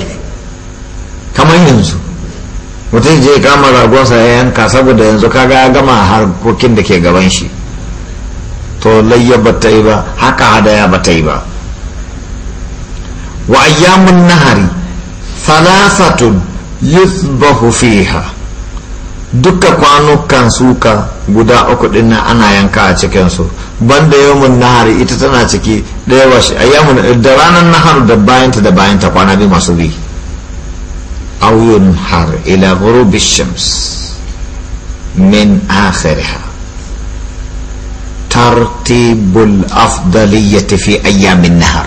kamar yanzu mutum je kama ragonsa ya yanka saboda yanzu kaga ya gama harkokin da ke gaban shi to layya ba ta yi ba haka hadaya ba ta yi ba wa ayyamun nahari thalathatun yuzbahu fiha duka kwanukan suka guda uku dinnan ana yanka a cikinsu banda yawon nahari ita tana ciki ɗaya washe ayyamun da ranar nahar da bayanta da bayanta kwana biyu masu bi aw har ila ghurubi shams min akhiriha tartibul afdaliyyati fi ayyamin nahar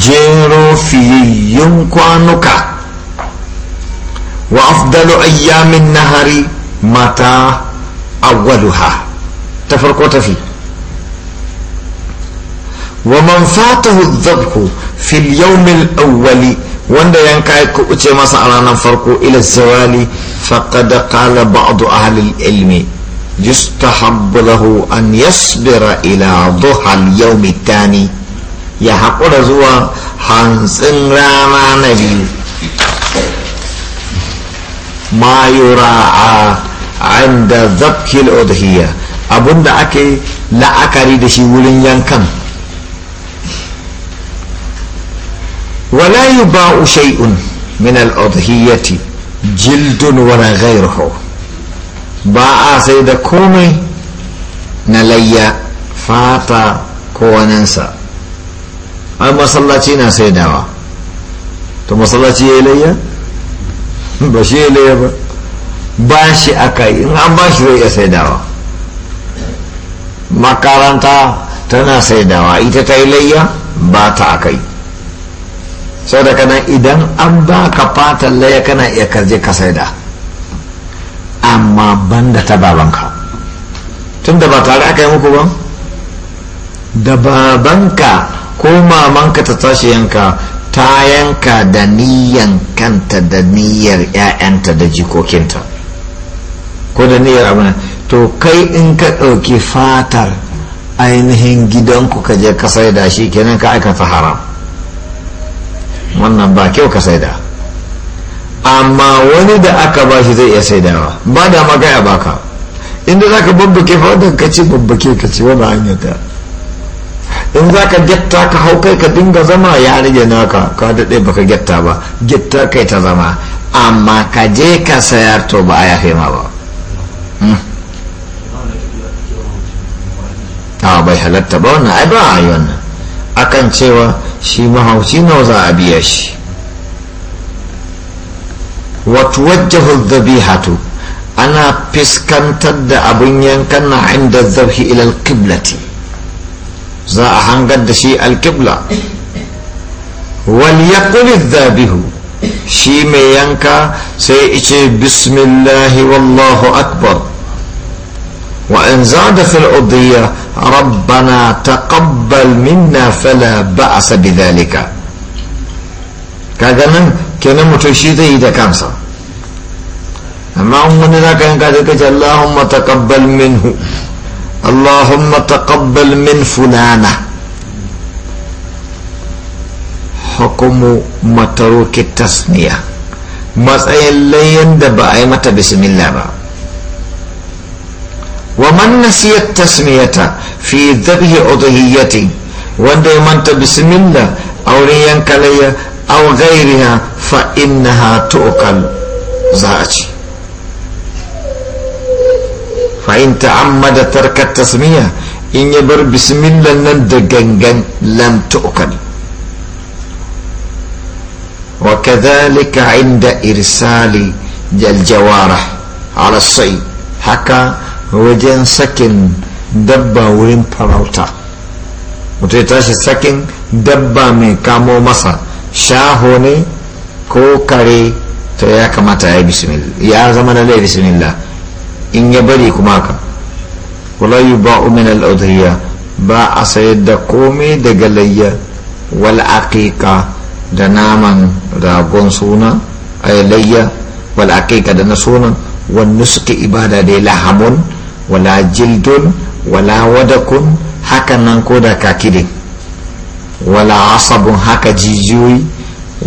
jero fiyayyun kwanuka wa afdalu ayyamin nahari mata awwaluha تفرق وتفي ومن فاته الذبح في اليوم الأول وندا ينكايك أتي ما سألنا فرقه إلى الزوال فقد قال بعض أهل العلم يستحب له أن يصبر إلى ضحى اليوم الثاني يا حقول زوا حنسن راما نبي ما يراعى عند ذبح الأضحية abinda aka yi la'akari da shi wurin yankan wala yi ba'u shay'un min al'adhiyyati jildun wala ghayruhu ba a sai da komai na layya fata ko waninsa ai masallaci na dawa to masallaci ya yi layya ba shi ya layya ba ba shi aka yi in an ba shi zai iya dawa makaranta tana saidawa ita ta yi layya ba ta a kai sau da idan an ba ka fatan layya kana iya karje ka saida amma banda ta babanka tun da ba tare aka yi muku ba da babanka ko mamanka ta tashi yanka ta yanka da niyan kanta da niyyar 'ya'yanta da jikokinta ko da niyyar abin to kai in ka ɗauki fatar ainihin gidanku ka je ka saida shi kenan ka aikata haram wannan ba kyau ka saida amma wani da aka ba shi zai iya saidawa ba da magaya baka inda za ka babbake fatar ka ce babbake ka ce wani hanyata in za ka getta ka hau kai ka dinga zama ya rage naka ka daɗe baka getta ba getta kai ta zama amma ka je ka sayar to ba a yafe ma ba hmm. a bai halatta ba wannan ai ba a yi wannan akan cewa shi mahauci nawa za a biya shi wata wajahul hatu ana fiskantar da abin yankan na inda zafi ilal kiblati za a hangar da shi alkibla wal yaqulil zabihu shi mai yanka sai ice bismillahi wallahu akbar wa in zada fil udiyya ربنا تقبل منا فلا بأس بذلك من كنا متشيطي إذا كان أما أمنا ذاك إن اللهم تقبل منه اللهم تقبل من فلانة حكم متروك التسمية ما layan da ba أي متى بسم الله بقى. ومن نسي التسمية في ذبه أضهية وندى منت بسم الله أو ريان كلي أو غيرها فإنها تؤكل زاجي فإن تعمد ترك التسمية إن يبر بسم الله نند جنجن لم تؤكل وكذلك عند إرسال الجوارح على الصيد حكى wajen sakin dabba wurin farauta mutu ya tashi sakin dabba mai kamo masa shaho ne ko kare ta ya kamata ya ya zama na lai bismillah in ya bari kuma ka wala yi ba umin al'adariya ba a sayar da komai daga layya wal aqiqa da naman ragon suna a layya wal aqiqa da na sunan wani suke ibada da ya lahamun wala jildun wala wadakun haka nan ko da kakide wala asabun haka jijiyoyi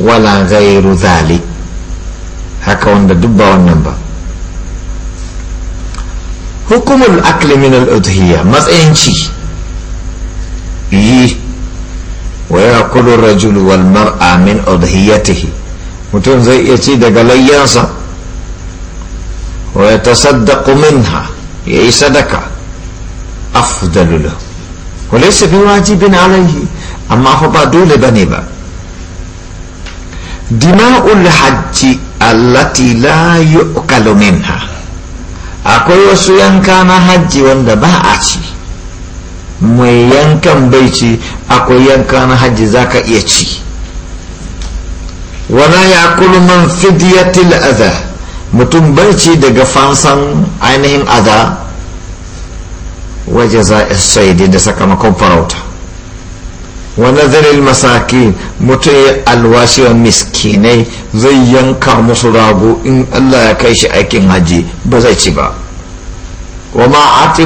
wala gairu zalik haka wanda duk ba wannan ba hukumul akli min al-udhiyya matsayin ci yi wa ya kulu rajul wal mar'a min udhiyyatihi mutum zai iya ci daga layyansa wa ya tasaddaqu minha ya yi sadaka afdalula walaisa waji wajibin alaihi amma fa ba dole ba ne ba dima'ul hajji allati la yu'kalu minha akwai wasu yanka na hajji wanda ba a ci mai yankan bai ci akwai yanka na hajji za ka iya ci wana ya man fidiyatil adha mutum barci daga fansan ainihin ada waje za a saidi da sakamakon farauta wani zirin masaki mutum ya alwashi wa miskinai zai yanka musu rago in allah ya kai shi aikin haji ba zai ci ba wa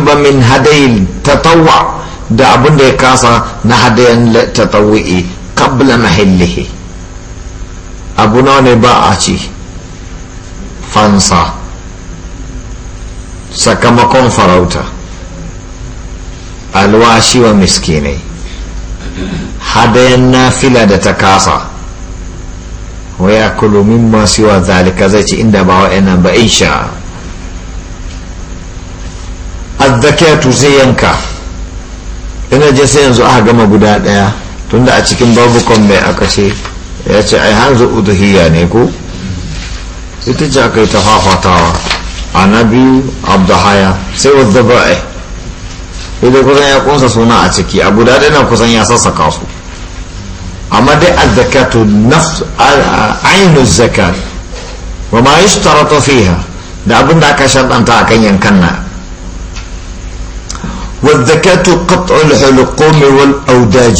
ba min hadayin tatawa da abin da ya kasa na hadayen tawai kabla na mahillihi abu nawa ne ba a ci fansa sakamakon farauta alwashi wa miskinai hadayan nafila da ta kasa waya kulumin masu yawa zalika zai ci inda ba wa'annan ba insha azzakiyatu zai yanka ina je sai yanzu aka gama guda daya tunda a cikin babu kwambe aka ce ya ce ai hanzu uduhiya ne ko sai ta ja kai ta fafatawa a na biyu abdahaya sai wadda ba'a da kusan ya kunsa suna a ciki a guda ɗaya nan kusan ya sassaka su amma dai azzakatu nafs ainu zakat wa ma yushtaratu fiha da abin da aka sharɗanta akan yankan na والزكاة قطع الحلقوم والأوداج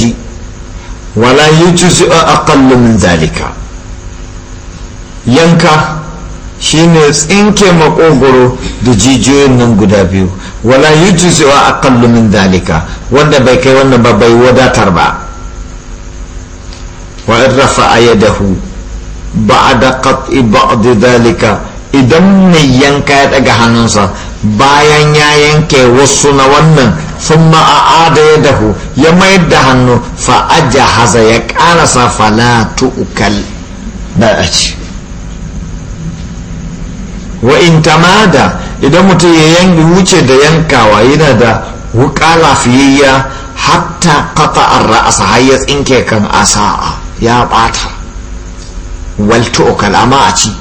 ولا يجزئ أقل من ذلك ينكا shi ne tsinke makogoro da jijiyoyin nan guda biyu wala yi wa a kallumin dalika wanda bai kai wannan ba bai wadatar ba wa in rafa'a yadahu ba'da qat'i ba'd dalika idan mai yanka ya daga hannunsa bayan ya yanke wasu na wannan sun ma ma'ada ya dahu ya mayar da hannu fa'aja haza ya karasa fala tu'ukal da a ci wa in tamada idan mutum ya yanki wuce da yankawa yana da wuka lafiyayya hatta kafa an ra'asa har ya tsinke kan asa'a ya bata walto kalama a ci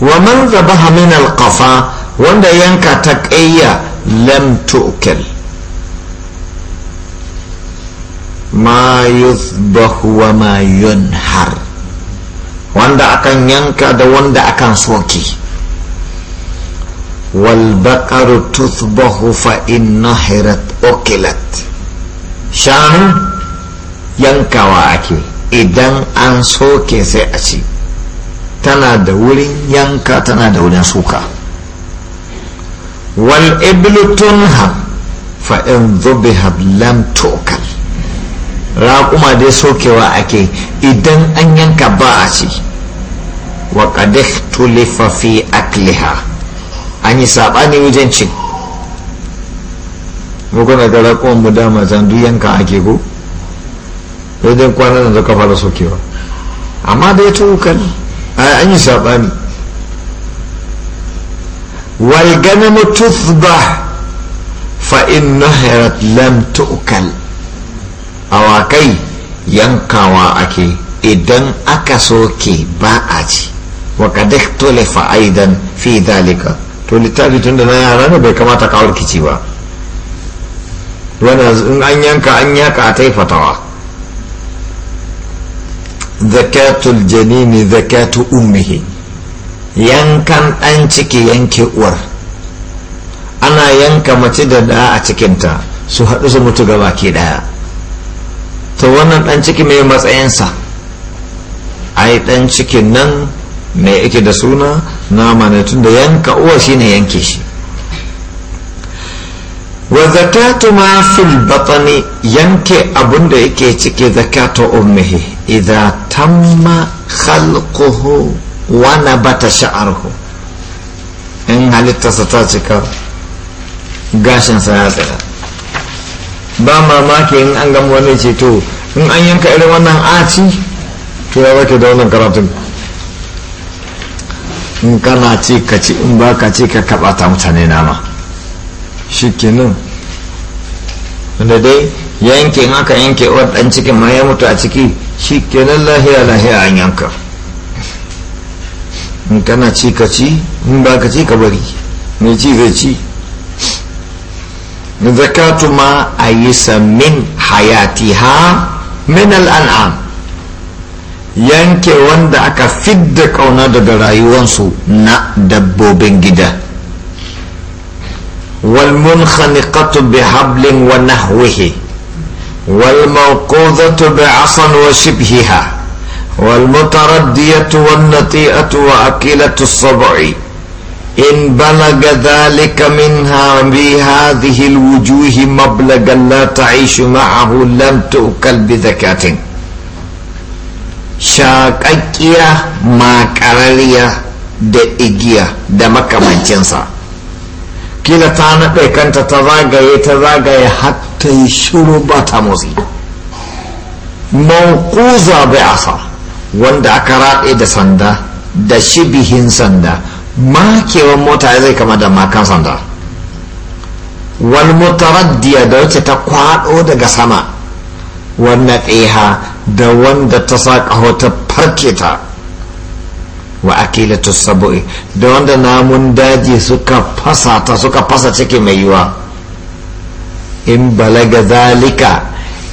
wa man zabaha min alqafa wanda yanka ta kayya lam tu'kal ma yuzbahu wa ma yunhar wanda akan yanka da wanda akan soke walbakaru tuthbahu fa inna hirat okilat shanu yankawa ake idan an soke sai a ci tana da wurin yanka tana da wurin suka wal iblutun ha fa in zubi lam tokal raƙuma dai sokewa ake idan an yanka ba a ci wa kadis tulifa fi akliha an yi saɓani wajen cin mukuna da rakon mu dama zandu yanka ake go wajen kwanan da kafa da sokewa amma da ya tukal an yi saɓani wal ganama tuthba fa in nahirat lam tu'kal awakai yankawa ake idan aka soke ba a ci وقد اختلف أيضا في ذلك to littafi tun da na yara ne bai kamata kawo kici ba wanda in an yanka an yaka a taifatawa zakatul janini zakatu ummihi yankan dan ciki yanke uwar ana yanka mace da da a cikinta su haɗu su mutu gaba ke daya to wannan dan ciki mai matsayinsa ai dan cikin nan me yake da suna nama ne tun da yanka uwa shine yanke shi wa zakatu ma fil batani yanke abun da yake cike zakatu ummihi idza tamma khalquhu wa nabata sha'ruhu in halitta ta cika gashinsa ya tsaya ba mamaki in an gama wani ceto in an yanka irin wannan aci to ya wake da wannan karatun in kana ce ka ci in ba ka ce ka ta mutane nama shi kenan wanda dai yanke haka yanke wa dan cikin ma ya mutu a ciki shi kenan lahiya lahiya an yanka in kana ci ka ci in ba ka ci ka bari mai ci zai ci zakatu ma a yi samin ha min al'an'am yanke wanda aka fidda kauna daga rayuwansu na dabbobin gida والمنخنقة بحبل ونحوه والموقوذة بعصا وشبهها والمتردية والنطيئة وأكلة الصبع إن بلغ ذلك منها بهذه الوجوه مبلغا لا تعيش معه لم تؤكل بذكاة shaƙaƙƙiya makararriya da igiya da makamancinsa kila ta naɗe kanta ta zagaye ta zagaye hatta yi shuru ba ta motsi mankuza bai asa wanda aka raɗe da sanda da shibihin sanda makewan mota zai kama da makan sanda wani mutaraddiya da wacce ta kwaɗo daga sama wannan ɗaya da wanda ta saƙa ta farke ta wa akilatu sabu'i da wanda namun daji suka fasa ta suka fasa ciki mai yiwa in balaga zalika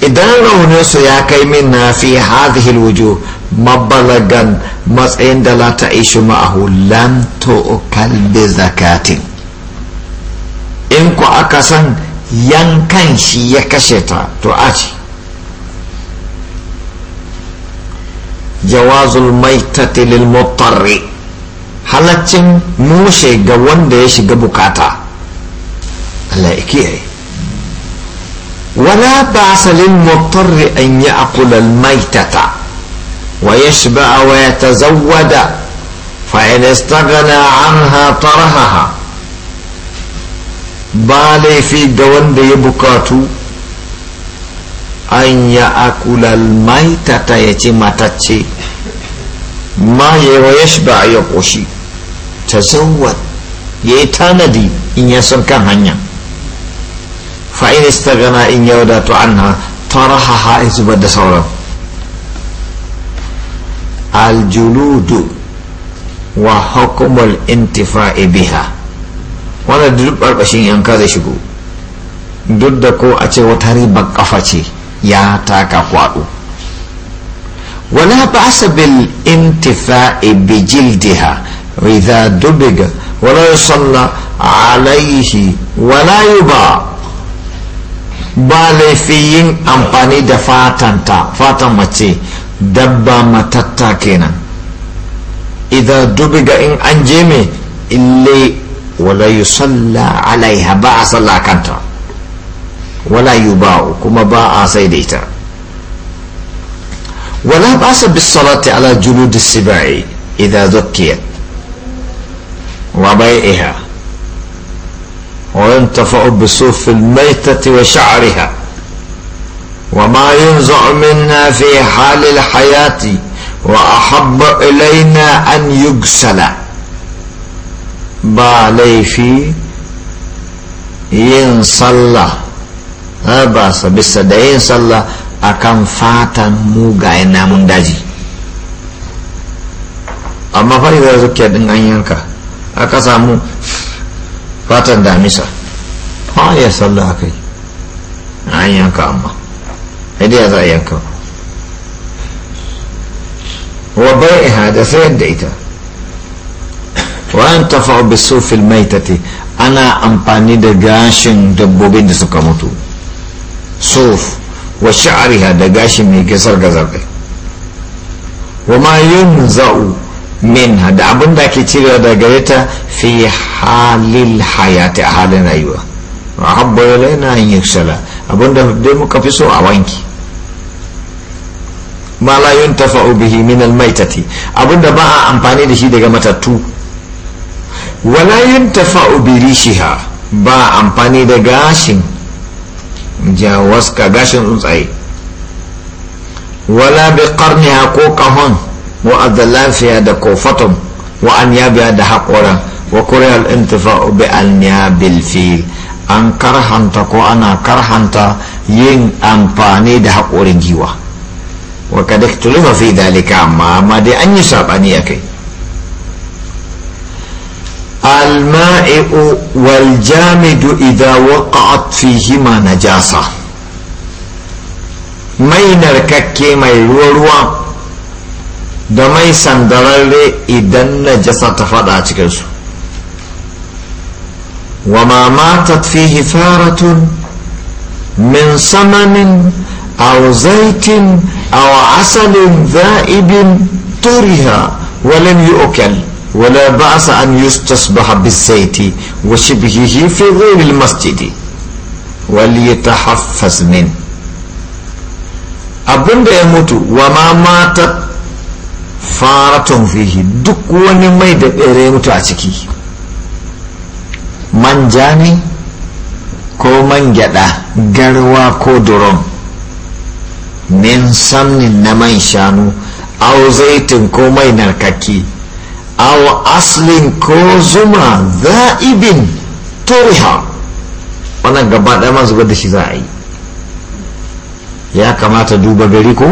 idan raunin su ya kai min na fi hadhihi wujo mabalagan matsayin da la ta ishi ma'ahu lam tu'kal bi zakatin in ku aka san yankan shi ya kashe ta to a ce جواز الميتة للمضطر حلتين موشي قوان ديش قبوكاتا ألا إكيري ولا بأس للمضطر أن يأكل الميتة ويشبع ويتزود فإن استغنى عنها طرحها بالي في قوان ديبوكاتو an ya akulal maitata ya ce matacce ma yawa ya ba ya ƙoshi ta zauwa ya yi tanadi in ya son kan hanya fa'in gana in ya wadatu anha taraha ha ha zubar da sauran aljuludu wa intifa intifa'i biha wanda duk barbashin yanka zai shigo duk da ko a ce wata ribar kafa ce ya taka kwado wala ba'sa bil intifa'i bi jildiha idha dubiga wala yusalla alaihi wala yuba ba laifiyin amfani da fatanta fatan mace dabba matatta kenan idan dubiga in an je me ille wala yusalla alaiha ba a salla kanta ولا يباع كما باع سيديتا ولا بأس بالصلاة على جلود السباع إذا ذكيت وبيعها وينتفع بصوف الميتة وشعرها وما ينزع منا في حال الحياة وأحب إلينا أن يغسل بالي في ينصلى ba sa bisa da yin sallah akan fatan mugayen namun daji amma fari da zuke din an yanka aka samu fatan damisa a ya sallah kai an yanka amma idan ya za a yanka wa bai'iha da sayar da ita wa an tafa bisufil maitati ana amfani da gashin dabbobin da suka mutu suruf wa sha'ariha da gashi mai gasar gazar wa ma zau min da abin da ke cirewa daga gare ta fi halil hayati a halin rayuwa a habba yana yin yuksala abin da dai muka fi so a wanki ma la yuntafa'u bihi min almaitati abin da ba a amfani da shi daga matattu wala yuntafa'u bi rishiha ba amfani da gashin jawaska gashin tsuntsaye wala bi qarniha ko kahon wa adlafiya da kofatum wa an yabiya da haƙoran wa kuriya al-intifa'u bi al-niyabil fil an karhanta ko ana karhanta yin amfani da haƙorin giwa wa kadaktulifa fi dalika amma amma dai an yi saɓani a kai المائع والجامد إذا وقعت فيهما نجاسة مي الككي مي الوروة دمي سندرل إذا نجاسة فضا وما ماتت فيه فارة من سمن أو زيت أو عسل ذائب طرها ولم يؤكل ولا بأس أن يستصبح بالزيت وشبهه في غير المسجد وليتحفظ منه abin da ya mutu wa ma mata faratun fihi duk wani mai da ya mutu a ciki manja ne ko man gyada garwa ko duron min sannin na man shanu au zaitin ko mai narkaki aw aslin ko zuma za'ibin turiha wannan gaba ɗaya ma zubar da shi za a yi ya kamata duba gari ko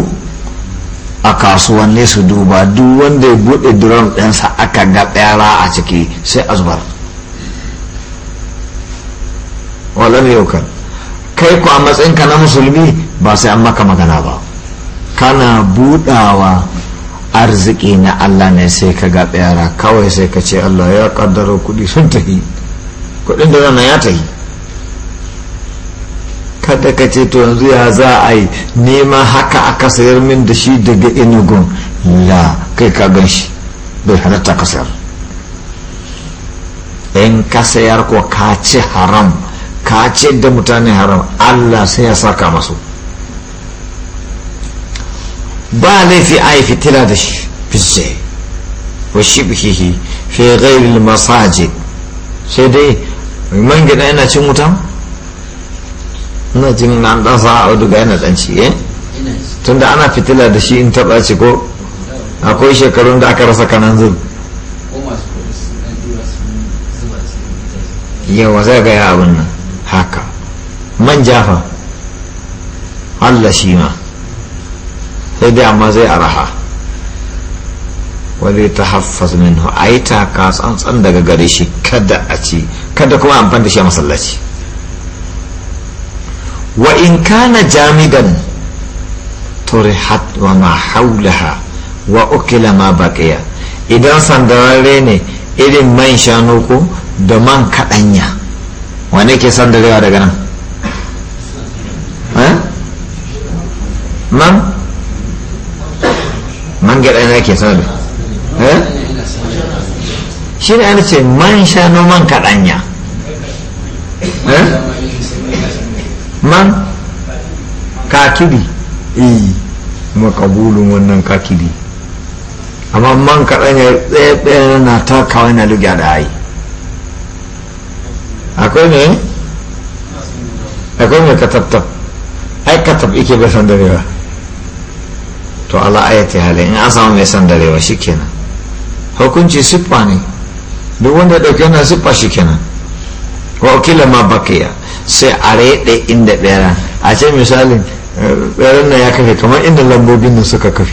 a kasuwanni su duba duk wanda ya buɗe duron ɗinsa aka ga ɓera a ciki sai a zubar walar yaukar kai ku a matsayinka na musulmi ba sai an maka magana ba kana buɗawa arziki na Allah ne sai ka ga tsayara kawai sai ka ce Allah ya kaddaro kudi sun tahi kudin da wannan ya tahi kada ka ce to yanzu ya za a yi nema haka aka sayar min da shi daga inugun la kai ka gan shi bai halatta ka sayar in ka ko ka ce haram ka ce da mutane haram Allah sai ya saka masu ba laifi a yi fitila da fisce wa shibhihi fi ghairil masajid sai dai man gida yana cin wuta ina jin na dan sa auduga yana dan ci eh tunda ana fitila da shi in taba ci ko akwai shekarun da aka rasa kanan zub yawa zai ga abin nan haka man jafa Allah shi ma sai dai amma zai araha wani ta haffaz minhu a yi taka tsantsan daga gare shi kada a ci kada kuma amfani da shi a masallaci wa in kana jamidan turihat wa ma haulaha wa ukila ma baqiya idan sandararre ne irin man shanu ko da man kaɗanya wane ke sandarewa daga nan eh? man man gyaɗa na ke sanu eh? shi ne ana ce man sha noman kaɗanya eh? man kakibi iyi makabulun wannan kakibi amma man kaɗanya tsaye-tsaye na ta kawai na lugya da ayi akwai ne akwai mai katabtab ai katab ike bai san darewa to Allah ayati halin in an samu mai san darewa shikenan hukunci siffa ne duk wanda ya dauke wannan siffa shikenan wa kila ma bakiya sai a rede inda bera a ce misalin beran nan ya kafe kamar inda lambobin nan suka kafe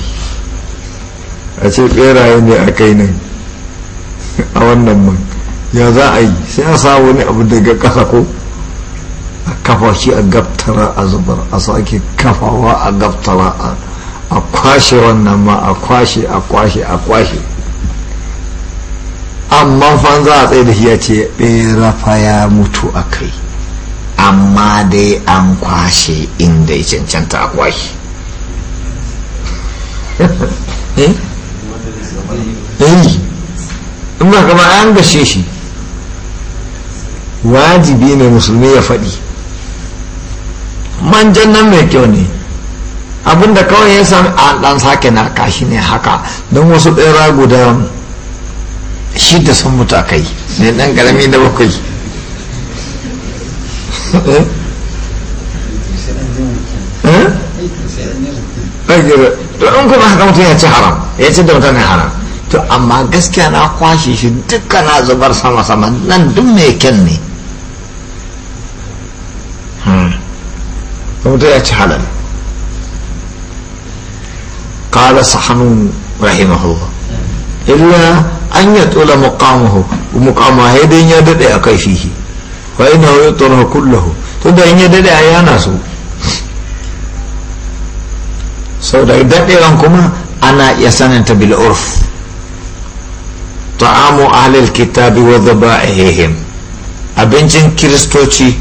a ce beraye ne a kai nan a wannan man ya za a yi sai a sa wani abu daga kasa ko a kafa shi a gaftara a zubar a sake kafawa a gaftara a a kwashe wannan ma a kwashe a kwashe a kwashe amma fan za a tsaye da shi ya ce ɓera fa ya mutu a kai amma dai an kwashe inda ya cancanta a kwashe eh? Eh? in ba kama an gashe shi wajibi ne musulmi ya faɗi manjan nan mai kyau ne abinda kawai ya san a dan sake narka shi ne haka don wasu bera guda da sun mutu a kai ne dan karami da bakwai ɗan kuma haka mutum ya ci haram ya ci da ya haram to amma gaskiya na kwashe shi duka na zubar sama-sama nan duk mai kyan ne mutum hmm. ya ci halal kala sa hannun rahimahowa illa an yi tsola mukamahu wa mukama ya ya dade a kai fihi wa ina wa yato kullahu to da ya dade a yana su sau da dade ran kuma ana iya sananta bil orf ta amo ahalil kitabi wa zaba a hehem abincin kiristoci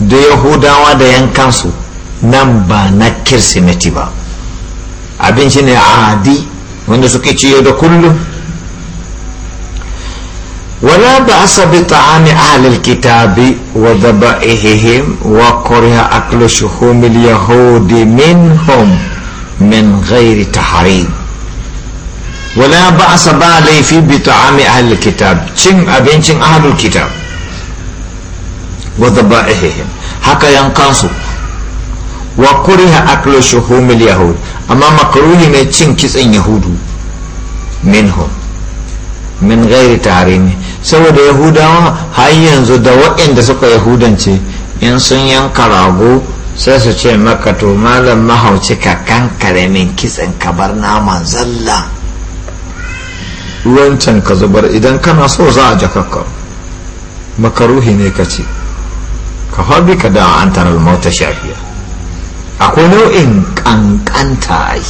da yahudawa da yankansu nan ba na kirsimeti ba abinci ne adi wanda suke ciye da kullum ولا بأس بطعام أهل الكتاب وذبائحهم وكره أكل شحوم اليهود منهم من غير تحريم ولا بأس بالي في بطعام أهل الكتاب شن أبين شن أهل الكتاب وذبائحهم حكى ينقصوا وكره أكل شحوم اليهود amma makaruhi ne cin kitsen yahudu minhum min gairi tarimi saboda yahudawa har yanzu da waɗanda suka yahudance in sun yanka rago sai su ce maka to malam mahauci ka kan karamin kitsen ka bar naman zalla wancan ka zubar idan kana so za a jakakka makaruhi ne ka ce ka faɗi ka da an tarar mota shafiya akwai nau'in kankanta ai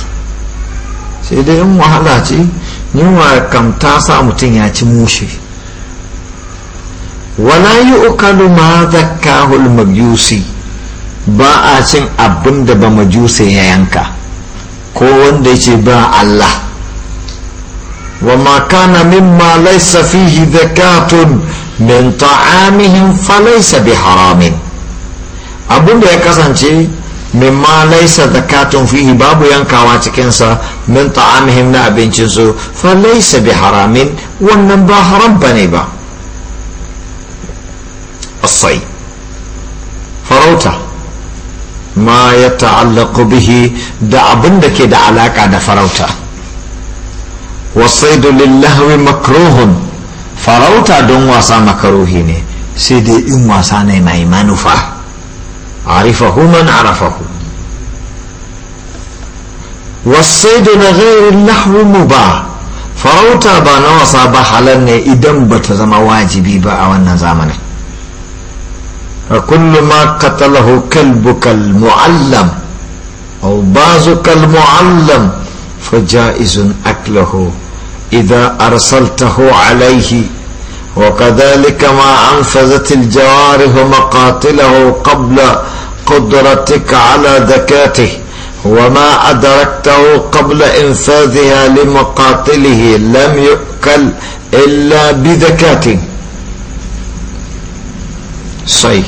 sai dai in wahala ce yunwa kam ta sa mutum ya ci mushe wala yi ukalu ma hul majusi ba a cin abin da ba majusi ya yanka ko wanda ya ce ba Allah wa ma kana mimma laisa fihi zakatun min ta'amihim fa laisa bi haramin abin da ya kasance mimma laisa zakatun fihi babu yankawa cikinsa min ta'amihim na abincinsu fa laisa bi haramin wannan ba haram bane ba asai farauta ma ya ta'allaku bihi da abin da ke da alaka da farauta wasaidu lillahi makruhun farauta don wasa makaruhi ne sai dai in wasa ne mai manufa عرفه من عرفه والصيد غير اللحو مباح فروتا بانا وصابح لنا إدم بتزم واجبي با أولنا زامنا ما قتله كلبك المعلم أو بازك المعلم فجائز أكله إذا أرسلته عليه وكذلك ما أنفذت الجوارح مقاتله قبل قدرتك على ذكاته وما أدركته قبل إنفاذها لمقاتله لم يؤكل إلا بذكاته صحيح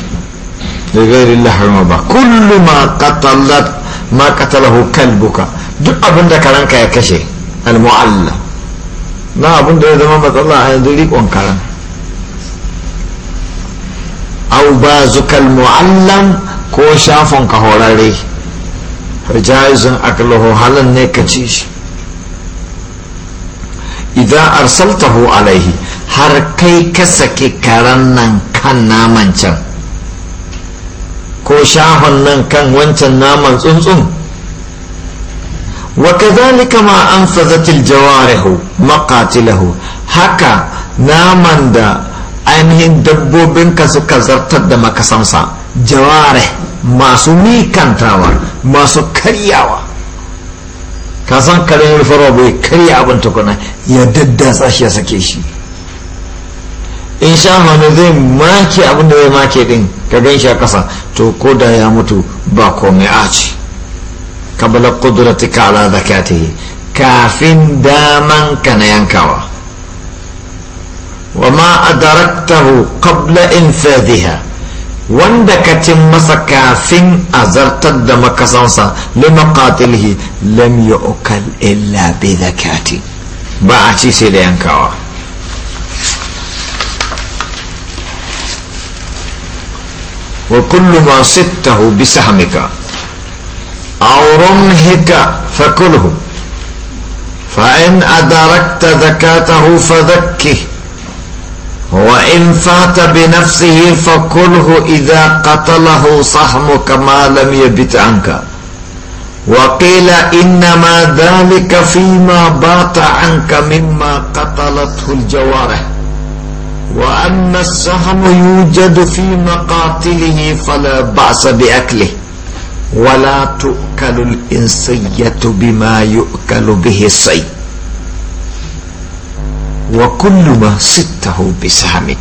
لغير الله المضى كل ما قتلت ما قتله كلبك دق بندك ذكرنك يا كشي المعلم ما إذا ذكرنك الله عند ريق وانكرنك au ba zukal mu'allam ko shafon ka horare rijaizun aklahu halin ne ka ci shi idan arsaltahu alaihi har kai ka sake karen nan kan naman can ko shafon nan kan wancan naman tsuntsun وكذلك ما أنفذت الجوارح مقاتله haka naman da ainihin dabbobinka suka zartar da makasansa jaware masu mikantawa masu karyawa ka san karin rufarwa bai karya abin tukuna ya daddasa shi ya sake shi in sha hannu zai make abin da zai make din ka gan shi a kasa to ko da ya mutu ba komai a ce kabbalar ka ala zakatihi kafin daman ka na yankawa وما أدركته قبل إنفاذها وندك تمس كافٍ أزرت الدم كسانسا لمقاتله لم يؤكل إلا بذكاة باعتي سيليان كوا وكل ما سته بسهمك أو رمحك فكله فإن أدركت زكاته فذكه وإن فات بنفسه فكله إذا قتله صحمك ما لم يبت عنك وقيل إنما ذلك فيما بات عنك مما قتلته الجوارح وأما السهم يوجد في مقاتله فلا بأس بأكله ولا تؤكل الإنسية بما يؤكل به الصيد wa kullu ma sittahu bi sahmi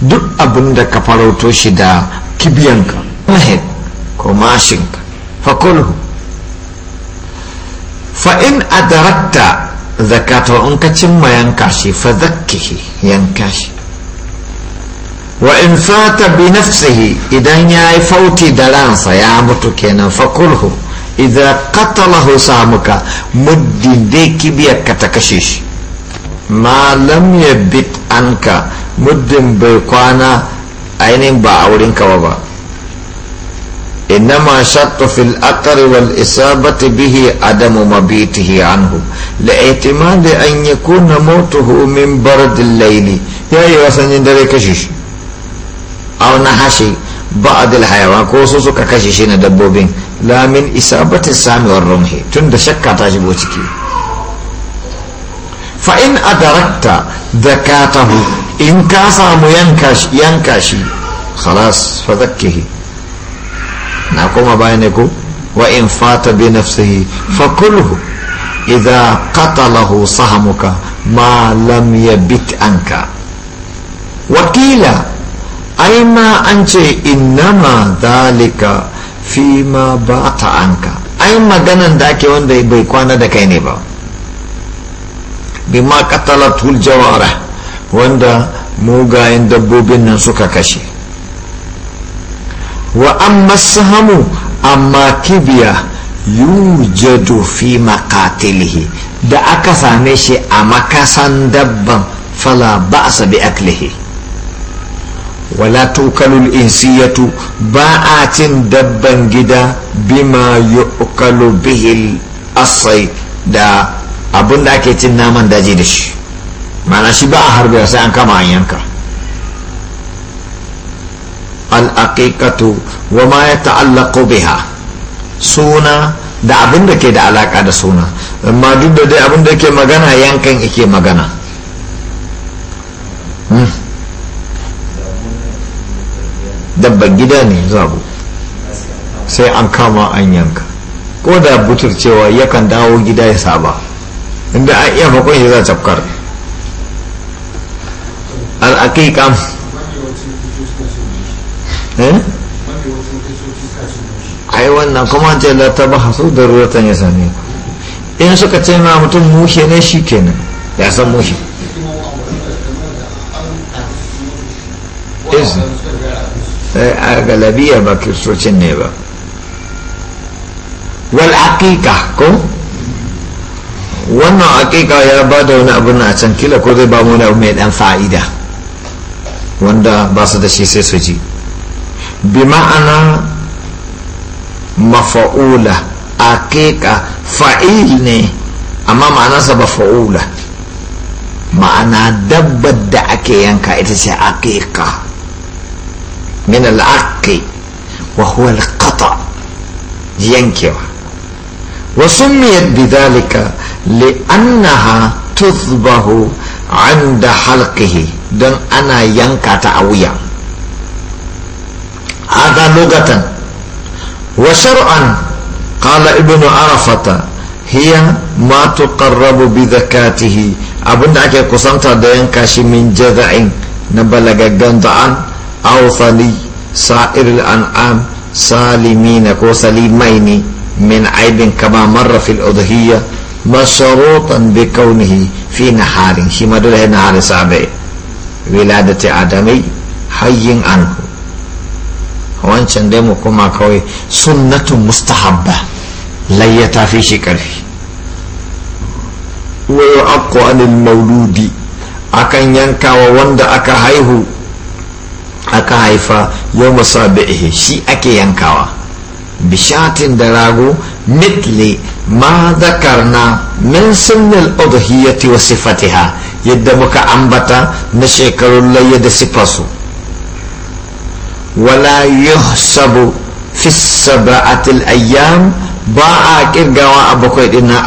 duk abin da ka farauto shi da kibiyanka mahed ko mashinka kulhu. fa in adarakta zakato in ka cimma yanka shi fa zakkihi yanka shi wa in fata bi nafsihi idan ya yi fauti da ransa ya mutu kenan fakulhu idan qatalahu samuka muddin dai kibiyarka ta kashe shi ma lam يبت anka muddin bai kwana ainihin ba a wurin kawa ba إنما شط في الأثر والإصابة به عدم مبيته عنه لاعتماد أن يكون موته من برد الليل يا أيها سنين دري كشيش أو نحشي بعض الحيوان كوسوس ككشيشين دبوبين لا من إصابة السام والرمح تند شك بوشكي fa'in ka tahu in ka samu yanka shi khalas fa zakkihi na kuma bayan ku wa in fata bi nafsihi fa kulhu idza qatalahu sahamuka ma lam yabit anka wakila ai ma an ce innama dalika fi ma bata anka ai maganan da ake wanda bai kwana da kai ne ba bima qatalatul jawara wanda mugayen dabbobin nan suka kashe wa amma sahamu amma kibiya yujadu fi makatilihi da aka same shi a makasan dabban fala ba'sa bi aklihi wala tukalul insiyatu ba a cin dabban gida bima yu'kalu bihil asai da abin da ake cin naman daji da shi mana shi ba a harbe sai an kama an yanka al'aƙiƙatu wa ma ya ta'allaƙo biha suna da abin da ke da alaƙa da suna amma duk da dai abin da ke magana yankan ike magana hmm. dabban gida ne zabu sai an kama an yanka ko da butur cewa yakan dawo gida ya saba inda a iya fakon shi za a cafkar a yi eh? wannan kuma ce da ta hasu da ruwatan ya sami in suka ce ma mutum mushe ne shi kenan ya san mushe eh, a galabiya ba kiristocin ne ba wal aqiqa ko wannan hakika ya ba da wani abu na can kila ko zai ba mu wani abu mai dan fa'ida wanda ba su da shi sai su ji bi ma'ana mafa'ula hakika fa'il ne amma ma'anarsa ba fa'ula ma'ana dabbar da ake yanka ita ce hakika min al'aqi wa huwa al yankewa وسميت بذلك لأنها تذبه عند حلقه دون أنا ينكا تعويا هذا لغة وشرعا قال ابن عرفة هي ما تقرب بذكاته katihi abinda ake kusanta da yanka shi min jaza'in na balagaggan da'an awsali sa'ir al'an'am salimi na ko salimai ne من عيب كما مر في الأضحية مشروطا بكونه في نهار شما دوله نهار سابع ولادة آدمي حي عنه wancan dai mu kuma kawai sunnatun mustahabba layyata fi shi karfi wa yu'aqqu mauludi akan yankawa wanda aka haihu aka haifa yau masabihi shi ake yankawa بشات دراغو مثل ما ذكرنا من سن الأضحية وصفتها يدمك أنبتا نشكر الله يد سفاسو ولا يحسب في السبعة الأيام باع كرغوا أبوكو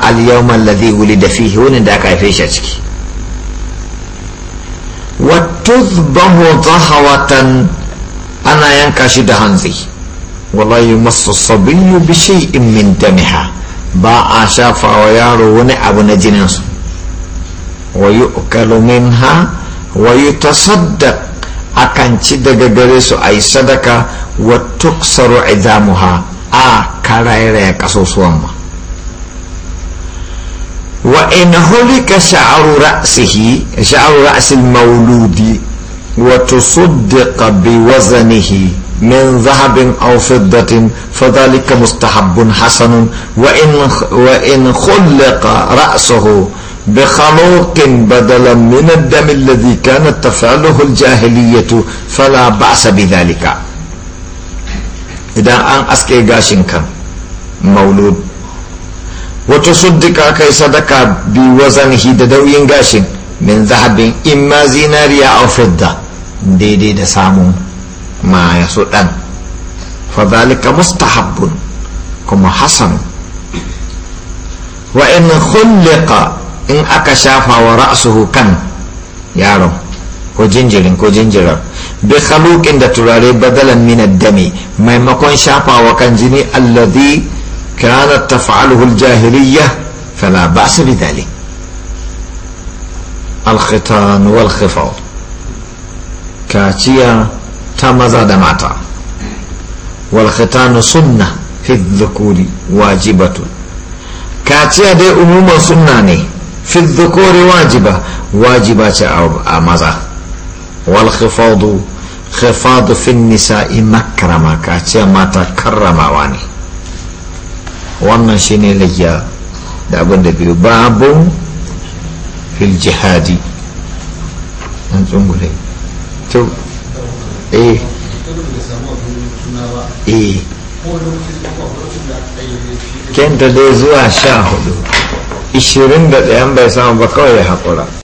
اليوم الذي ولد فيه ونداك في شكي وتذبه ضهوة أنا ينكشد هنزي ولا يمس الصبي بشيء من دمها باء شافا ويارو ونعب نجنس ويؤكل منها ويتصدق akan ci daga gare su a yi sadaka wa tuksaru idamuha a karairaya kasusuwan ma wa in hulika sha'aru ra'sihi sha'aru ra'sil mauludi wa tusuddiqa bi wazanihi من ذهب أو فضة فذلك مستحب حسن وإن, وإن خلق رأسه بخلوق بدلا من الدم الذي كانت تفعله الجاهلية فلا بأس بذلك إذا أن أسكي غاشنك مولود وتصدق كي صدق بوزنه دوين غاشن من ذهب إما زينارية أو فضة دي دسامون دي ما يسودان فذلك مستحب كما حسن وإن خلق إن أكشاف ورأسه كان يارو ko jinjirin ko jinjirar bi khaluqin da turare badalan min ad-dami maimakon shafawa kan jini allazi kanat taf'aluhu al-jahiliyyah fala ba's bi dhalik al-khitan wal khifaw kaciya ta maza da mata wal sunna fi dhukuri wajibatun kaciya dai umuman sunna ne fi dhukuri wajiba wajiba ce a maza wal khifadu khifadu fi nisa'i makrama kaciya mata karramawa ne wannan shine lagiya da abin da biyu babu fil jihadi an Eh. Eh. kenta dai zuwa sha hudu ishirin da ɗayan bai samu ba kawai ya haƙura